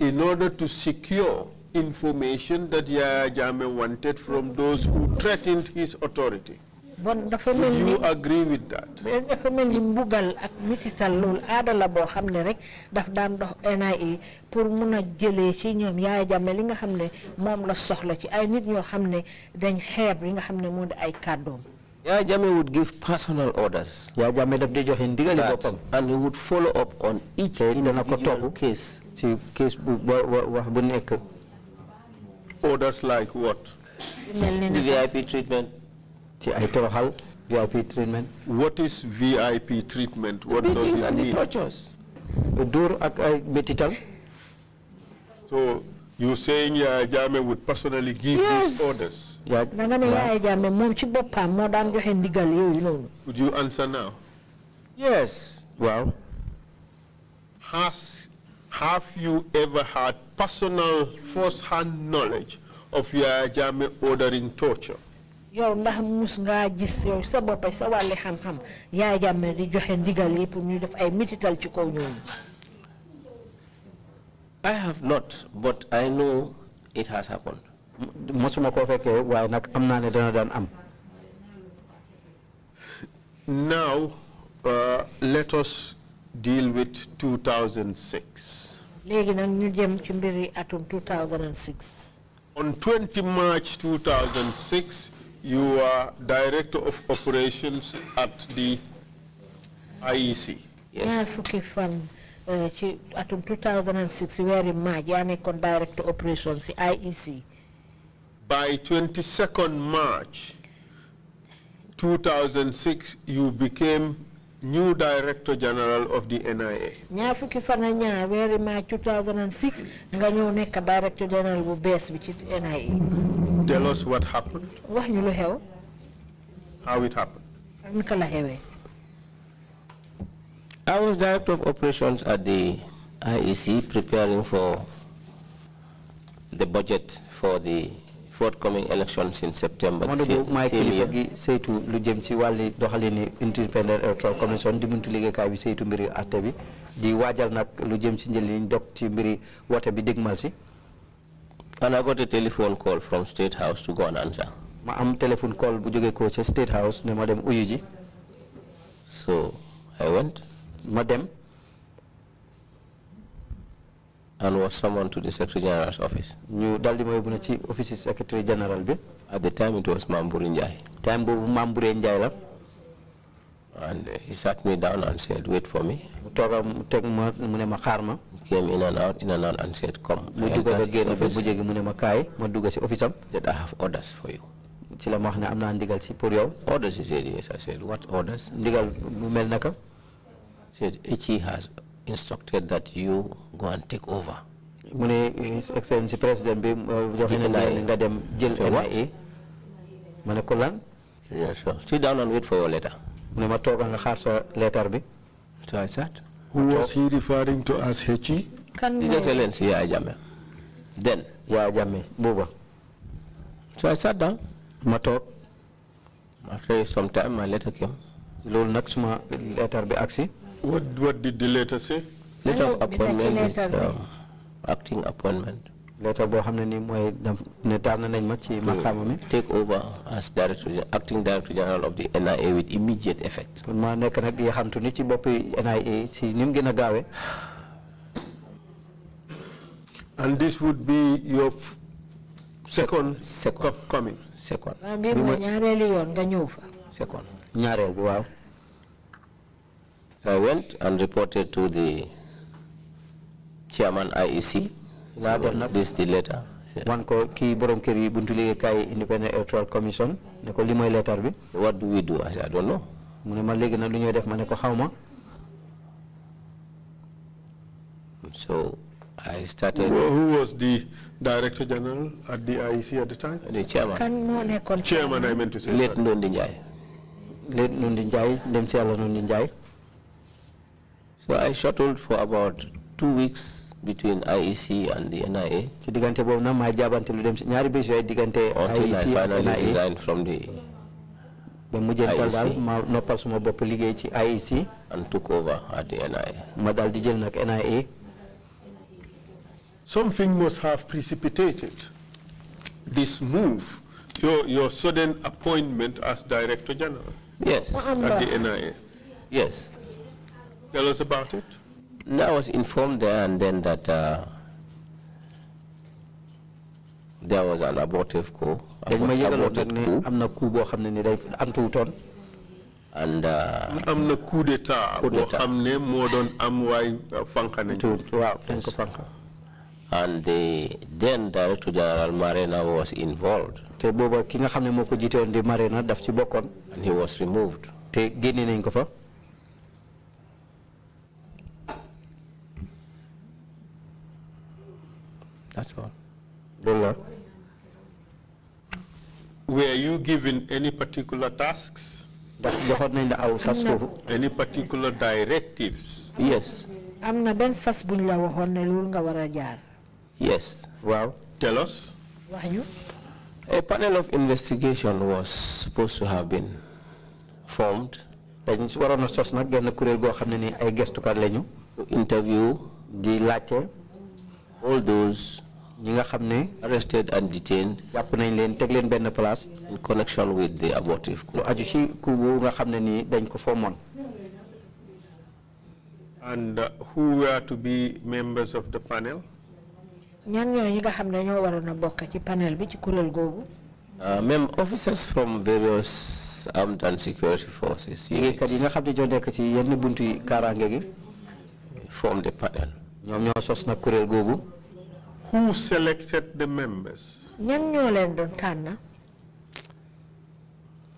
in order to secure information that Yahya Jammeh wanted from those who threatened his authority. Do you agree with that. dafa mel ni mbugal ak mitital loolu aada la boo NIA a jëlee ci would give personal orders. Yaya Jammeh And he would follow up on each individual case. case Orders like what? The VIP treatment ci ay VIP treatment. what is VIP treatment. what does it mean beatings and tortures. so you saying your Jammeh would personally give these orders. Yes. nga would you answer now. yes. Well, has have you ever had personal first-hand knowledge of your Jammeh ordering torture yow ndax mus ngaa gis yow sa sa wàlli xam-xam di joxe ndigal yi pour def ay ci kaw ñooñu I have not but I know it has happened mosuma koo fekkee waaye nag am naa ne dana daan am now uh, let us deal with 2006 léegi nag ñu jëm ci mbiri atum 2006 on 20 March 2006 you are Director of Operations at the IEC. ñaar ah, fukki fan eh, ci atum 2006 in March yaa nekkoon Director Operations the IEC. By 22nd March 2006 you became new Director General of the NIA. ñaar fukki fan ak ñaar weeri maay 2006 nga ñëw nekk Director General bu bees bi ci NIA. Tell us what happened. wax ñu lu xew. How it happened. ak la xewee. I was Director of Operations at the IEC preparing for the budget for the forthcoming elections in September. Honorable Mike Kilifagi say to electoral commission di And I got a telephone call from State House to go and answer. ma am téléphone call bu jógee ko State House ne Madam dem so I went. Madam and was summoned to the Secretary General's office. ñu dal di may bu ne office Secretary General bi. at the time it was Mamburi Njai. time boobu Mambure Njai la. and he sat me down and said wait for me. mu tooga mu teg ma came in and out in and out and said come. mu dugg ba génn ba mujj si office that I have orders for you. ci la ma wax ne si pour orders he said yes I said what orders. ndigal mu mel said Ichi has instructed that you go and take over. mu His Excellency président be uh, joxe na nga dem jël MIA yes sir. sit down and wait for your letter. mu ne ma toog nga xaar letter be. so I sat. who was he referring to as H. E. His Excellency Yaya Jammeh. then Yaya Jammeh booba. so I sat down. ma toog. after some time my letter came. loolu nag suma letter be agsi. What, what did the letter say? Letter of appointment is um, acting appointment. Letter of appointment. take over as director acting director general of the NIA with immediate effect. And this would be your second, second coming. Second. Second. Second. So I went and reported to the chairman IEC. So this is the letter. One ko Ki borom kër buntuli kai independent electoral commission ne ko li mooy bi. what do we do I said I don't know. mu ne ma léegi nag lu ñuy def ma ne ko xaw so I started. who was the director general at the IEC at the time. the chairman kan moo nekkoon. chairman I meant to say. Late Ndondi Ndiaye. Late Ndondi Ndiaye dem si yàlla Ndondi Ndiaye. So I shuttled for about two weeks between IEC and the NIA. So digante bobu nam hay jabanté lu dem ci ñaari bes yoy digante IEC I finally NIA. resigned from the ba mujjantal daal ma noppal suma bopp liggéey ci IEC. and took over at the NIA. ma daal di jël nag NIA. something must have precipitated this move, your, your sudden appointment as Director General yes. at the NIA. Yes. Tell us about it. No, I was informed there and then that uh, there was an abortive coup. I'm Aborted coup. and am na uh, coup d'état boo xam ne moo doon am waay uh, fanka nañ waaw dañ ko and the then director general Marina was involved te booba ki nga xam ne moo ko jiite di Marina daf ci bokkoon and he was removed te génne nañ ko fa That's all. Lola, were you given any particular tasks? any particular directives? Yes. amna ben sas buñ la waxone lool yes well tell us wax a panel of investigation was supposed to have been formed dañ warona sos nak genn go interview the latter all those ñi nga xam arrested and detained jàpp nañ leen teg leen benn place in connection with the abortive coup aju ci coup boobu nga xam ne dañ ko foomoon and uh, who were to be members of the panel ñan ñoo ñi nga xam ñoo waroon bokk ci panel bi ci kuréel googu uh, même officers from various armed and security forces yi nga xam ne ñoo ci yenn buntu kaaraange gi form the panel who selected the members.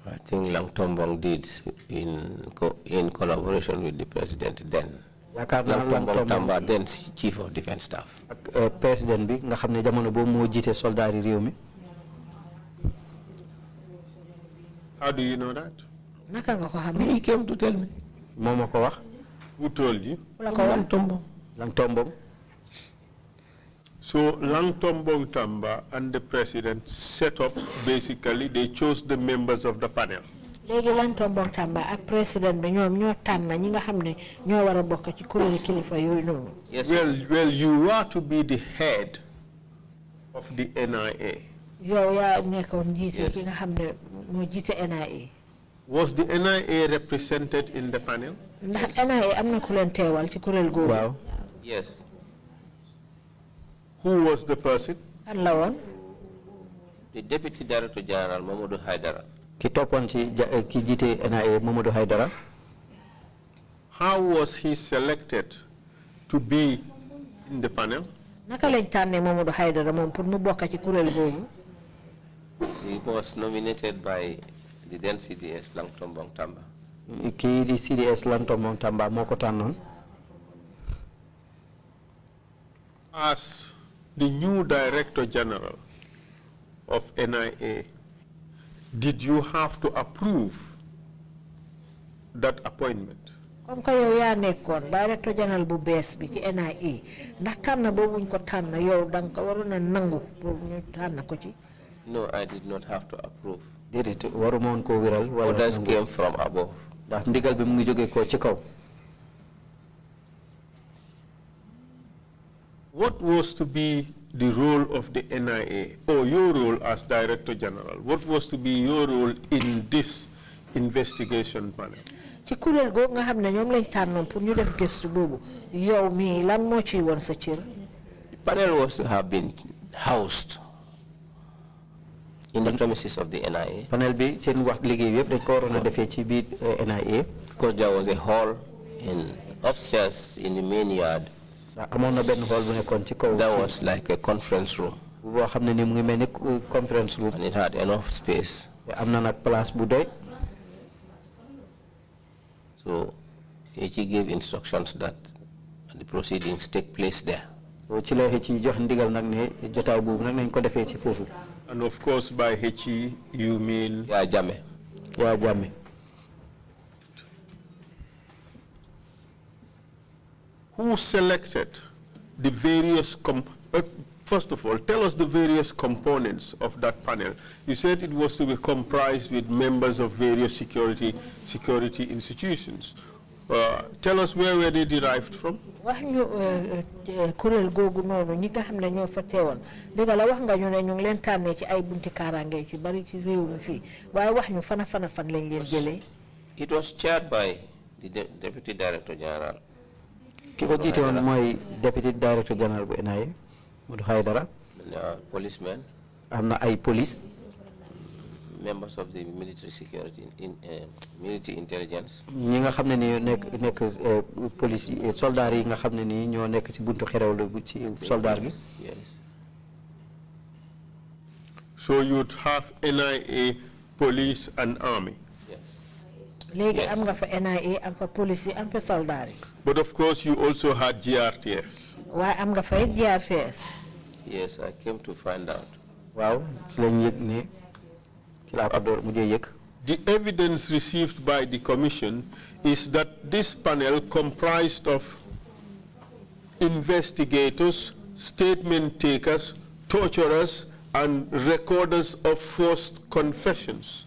I think Lang Tombong did in co in collaboration with the president then. Lang Tombong Tamba then chief of defence staff. Eh, président bi nga jamono how do you know that. naka nga ko he came to tell me. moo wax. who told you. Lang Tombong. Langtombong? So Langtombong Tamba and the president set up, basically, they chose the members of the panel. Legi Langtombong Tamba a président bi ñoom ñoo tànn ñi nga xam ne ñoo war a bokk ci kuréeli kilifa yooyu noonu. well well you are to be the head of the NIA. yow yaa nekkoon jiite ki nga xam ne moo jiite NIA. was the NIA represented in the panel. ndax NIA am na ku leen teewal ci kuréel go. Wow. Yes. Who was the person? Alone. The Deputy Director General, Mamadou Haidara. ki NIA eh, Haidara. How was he selected to be in the panel? He was nominated by the then CDS Langtombong Tamba. kii CDS Langtombong Tamba moo As the new Director General of NIA, did you have to approve that appointment? comme que yow yaa nekkoon directeur général bu bees bi ci NIA ndax tànn boobu ñu ko tànn yow da ko waroon nangu pour ñu tànn ko ci. no I did not have to approve. déedéet waruma woon koo wéral. wala orders came from above. ndax ndigal bi mu ngi jógee koo ci kaw. What was to be the role of the NIA, or your role as Director General? What was to be your role in this investigation panel? ci nga xam ne ñoom lañ tànnoon pour ñu def gëstu boobu yow lan moo ciy sa cër. The panel was to have been housed in the premises of the NIA. panel bi seen wax liggéey yëpp dañ ko waroon a defee ci biir eh, NIA. because there was a hall in upstairs in the main yard. That was like a conference room. conference room. And it had enough space. So HE gave instructions that the proceedings take place there. And of course by HE you mean? Yeah, Jame. Yeah, Jame. who selected the various, uh, first of all, tell us the various components of that panel. You said it was to be comprised with members of various security, security institutions. Uh, tell us where were they derived from uh, uh, uh, la ay bunti bari fana fana it was chaired by the deputy director general ki ko jiite woon deputy director general bu NIA Modou Haidara uh, policemen am na ay police members of the military security in uh, military intelligence ñi nga xam ne ni nekk nekk uh, police soldaar yi nga xam ne nii ñoo nekk ci buntu xerewlu ci soldaar bi so you'd have NIA police and army léegi am nga fa NIA am fa police am fa soldat but of course you also had GRTS. i am nga fa GRTS. yes I came to find out. waaw ci lañ ne ci The evidence received by the Commission is that this panel comprised of investigators, statement takers, torturers, and recorders of forced confessions.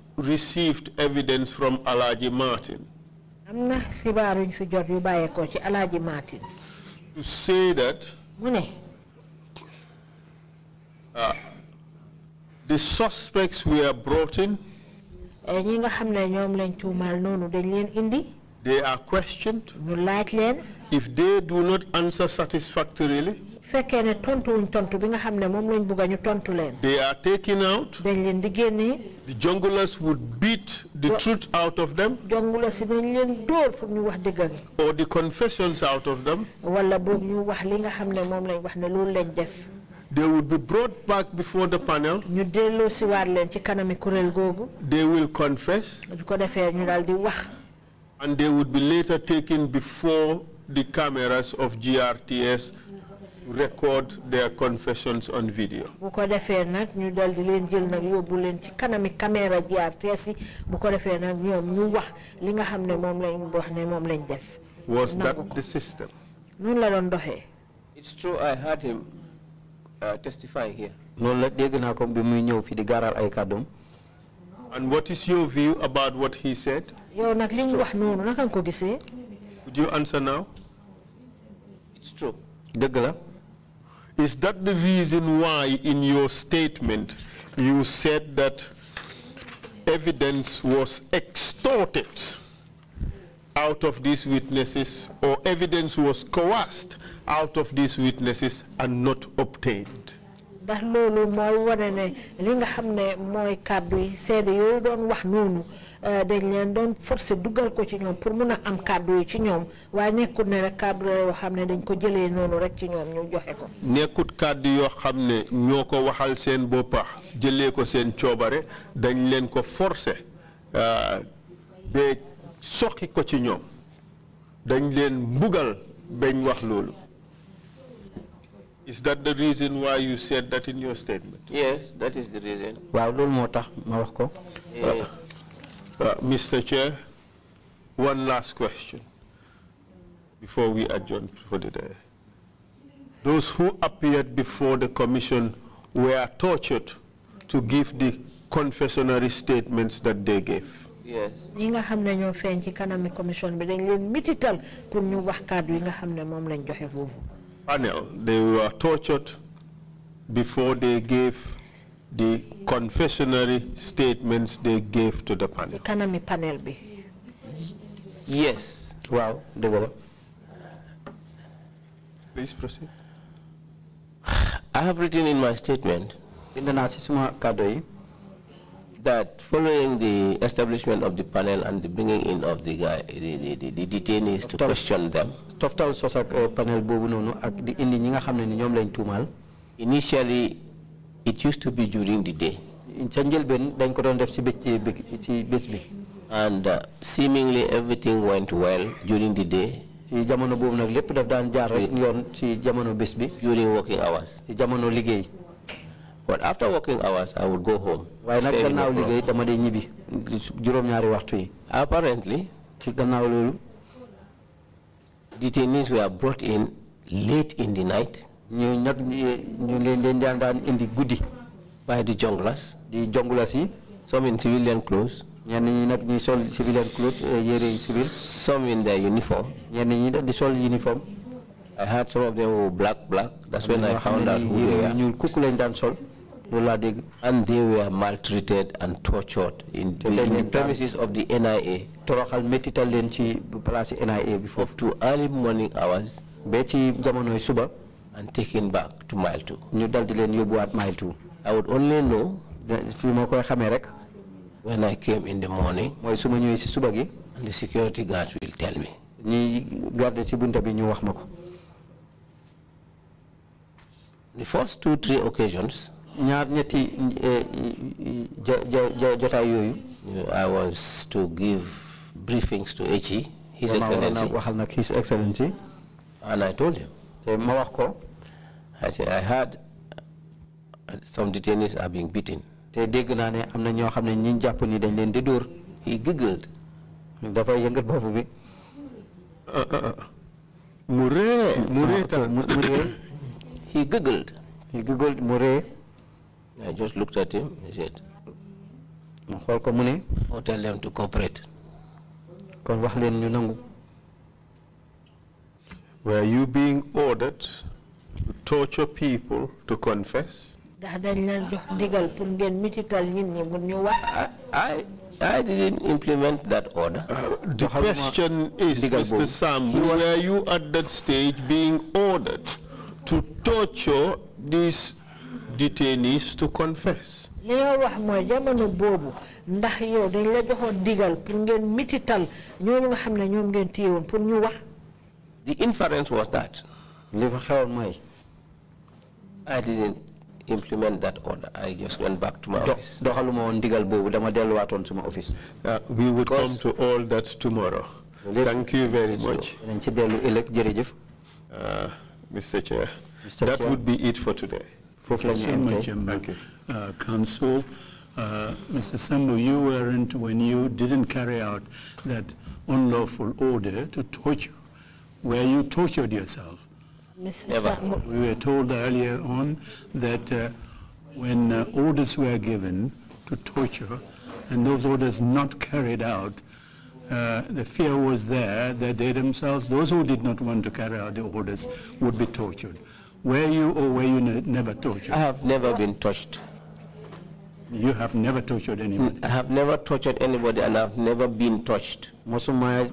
received evidence from Alaji Martin. To say that uh, the suspects were brought in. Eh, they are questioned if they do not answer satisfactorily, they are taken out. The junglers would beat the truth out of them or the confessions out of them. They will be brought back before the panel. They will confess. And they would be later taken before the cameras of GRTS record their confessions on video. ñu dal di leen jël leen ci kanami caméra GRTS ñu wax li nga lañ wax ne lañ def. was that the system. la it's true I heard him uh, testify here. la dégg ko bi muy ñëw fi di ay And what is your view about what he said? Would you answer now? It's true. Degala. Is that the reason why in your statement you said that evidence was extorted out of these witnesses or evidence was coerced out of these witnesses and not obtained? ndax loolu mooy wane ne li nga xam ne mooy kàddu yi seede yooyu doon wax noonu euh, dañ leen doon forcé dugal ko ci ñoom pour mun a am kàddu yi ci ñoom waaye nekkul ne rek kàddu yoo xam ne dañ ko jëlee noonu rek ci ñoom ñu joxe ko. nekkut kàddu yoo xam ne ñoo ko waxal seen boppa jëlee ko seen coobare dañ leen ko forcé euh, ba soqi ko ci ñoom dañ leen mbugal bañ wax loolu. Is that the reason why you said that in your statement? Yes, that is the reason. Waaw loolu moo tax Mr. Eh. Uh, uh, Chair, one last question before we adjourn for the day. Those who appeared before the commission were tortured to give the confessionary statements that they gave. Yes panel, they were tortured before they gave the confessionary statements they gave to the panel. Can I panel be? Yes. Well, they were. Please proceed. I have written in my statement. In the Summa Kadoi that following the establishment of the panel and the bringing in of the, guy, the, the, the detainees to question them. Toftal sos uh, panel bobu nonu ak di indi ñi nga xamne ni ñom lañ tumal. Initially it used to be during the day. Ca ñël ben dañ ko def ci ci bes bi. And uh, seemingly everything went well during the day. Ci jamono bobu nak lepp daf daan jaar rek yoon ci jamono bes bi. During working hours. Ci jamono but after working hours, I would go home. Why not? nag gannaaw liggéey dama dee ñibbi juróom-ñaari waxtu yi. apparently. ci gannaaw detainees were brought in late in the night. ñu nag ñu leen leen daan daan indi by the junglers. The junglers some in civilian clothes. ñenn ñi nag ñuy civilian clothes eh, yére civil. some in their uniform. ñenn ñi nag di sol uniform. I had some of them were black black. that's when I found out who they are. ñuul kukk lañ daan Nuladig, and they were maltreated and tortured in the, in the premises of the NIA. Torokal metita len place NIA before two early morning hours. Beti ci suba and taken back to mile 2. Ñu daldi yobu at mile 2. I would only know mako when I came in the morning. Moy suma ñëw suba gi and the security guards will tell me. Ñi bunta bi The first two, three occasions, ñaar ñetti jotaay yooyu. I was to give briefings to HE, His Excellency. waxal nag His Excellency. And I told him. te ma wax ko. I say, I had some detainees are being beaten. te dégg naa ne am na ñoo xam ne ñi ñu jàpp ni japp ni dan leen di dóor. he giggled. dafa yëngal bopp bi. mu ree mu ree tam mu ree. he giggled. he giggled mu ree. I just looked at him. He said, or oh, Tell them to cooperate. Were you being ordered to torture people to confess? I, I, I didn't implement that order. Uh, the question is, Mr. Sam, were you at that stage being ordered to torture these detainees to confess. the inference was that. I didn't implement that order. I just went back to my office. Uh, we would come to all that tomorrow. Thank you very much. Uh, Mr. Chair, Mr. that Chair. would be it for today foofu la council uh, uh Mr. Sambo, you weren't when you didn't carry out that unlawful order to torture, where you tortured yourself. Never. We were told earlier on that uh, when uh, orders were given to torture and those orders not carried out, uh, the fear was there that they themselves, those who did not want to carry out the orders, would be tortured. Were you or were you ne never tortured? I have never been touched. You have never tortured anybody? I have never tortured anybody and I have never been touched. I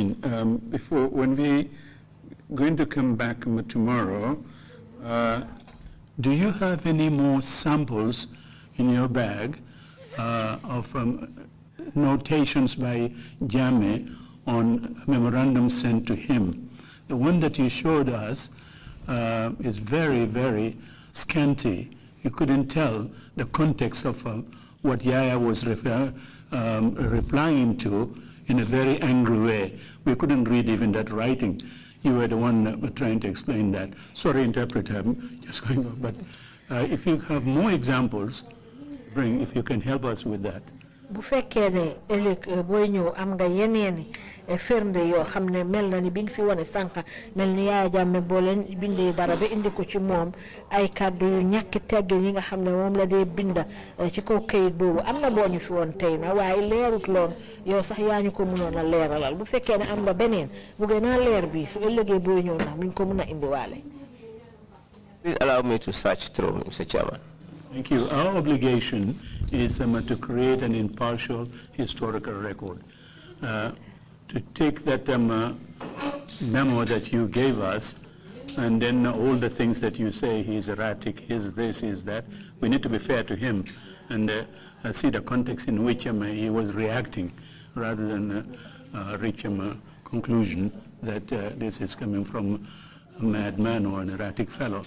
mean, um, before, when we going to come back tomorrow, uh, do you have any more samples in your bag uh, of um, notations by Jame on memorandum sent to him. The one that you showed us uh, is very, very scanty. You couldn't tell the context of uh, what Yaya was um, replying to in a very angry way. We couldn't read even that writing. You were the one uh, trying to explain that. Sorry, interpreter, I'm just going on. But uh, if you have more examples, bring, if you can help us with that fi indi ko ci ay yu yi nga la binda eh, ci kayit fi na sax ko bu ne am nga bu bi su ñëw ko Please allow me to search through, Mr. Chairman. Thank you. Our obligation is um, to create an impartial historical record. Uh, to take that um, uh, memo that you gave us and then all the things that you say, he's erratic, he's this, he's that. We need to be fair to him and uh, see the context in which um, he was reacting rather than uh, uh, reach um, a conclusion that uh, this is coming from a madman or an erratic fellow.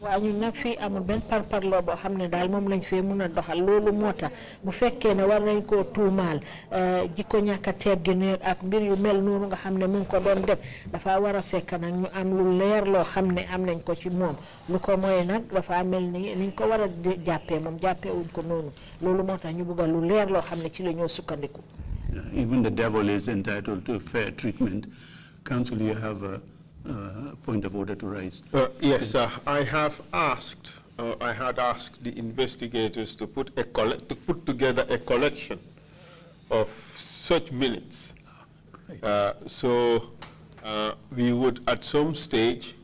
waaw ñun nag fii amul benn par par parparloo boo xam ne daal moom lañ fee mën a doxal loolu moo tax bu fekkee ne war nañ koo tuumaal euh, jikko ñàkk gi teggin ak mbir yu mel noonu nga xam ne mu ngi ko doon def dafa war a fekk nag ñu am lu leer loo xam ne am nañ ko ci moom lu ko mooy nag dafa mel ni niñ ko war a jàppee moom jàppee wuñ ko noonu loolu moo tax ñu bëgg lu leer loo xam ne ci lañoo sukkandiku. Even the devil is entitled to fair treatment. Council, you have uh, Uh, point of order to raise. Uh, yes, sir. I have asked, uh, I had asked the investigators to put, a to put together a collection of such minutes. Uh, so uh, we would at some stage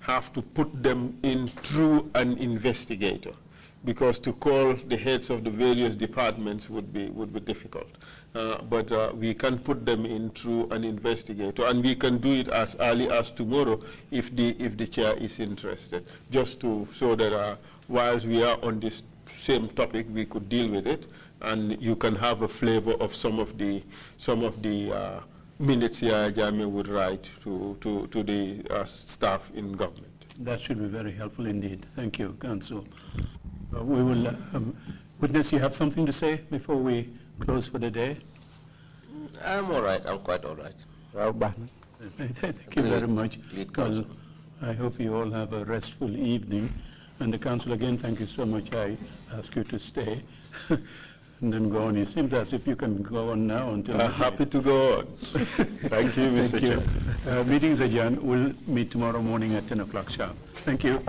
have to put them in through an investigator because to call the heads of the various departments would be, would be difficult. Uh, but uh, we can put them in through an investigator, and we can do it as early as tomorrow if the if the chair is interested. Just to so that uh, whilst we are on this same topic, we could deal with it, and you can have a flavour of some of the some of the. Uh, minutes here Jamie would write to, to, to the uh, staff in government. That should be very helpful indeed. Thank you, Council. Uh, we will, um, witness, you have something to say before we close for the day? I'm all right. I'm quite all right. Thank you very much. I hope you all have a restful evening. And the council, again, thank you so much. I ask you to stay and then go on. It seems as if you can go on now until. I'm happy to go on. thank you, Mr. Chairman. Uh, meetings adjourned. We'll meet tomorrow morning at 10 o'clock sharp. Thank you.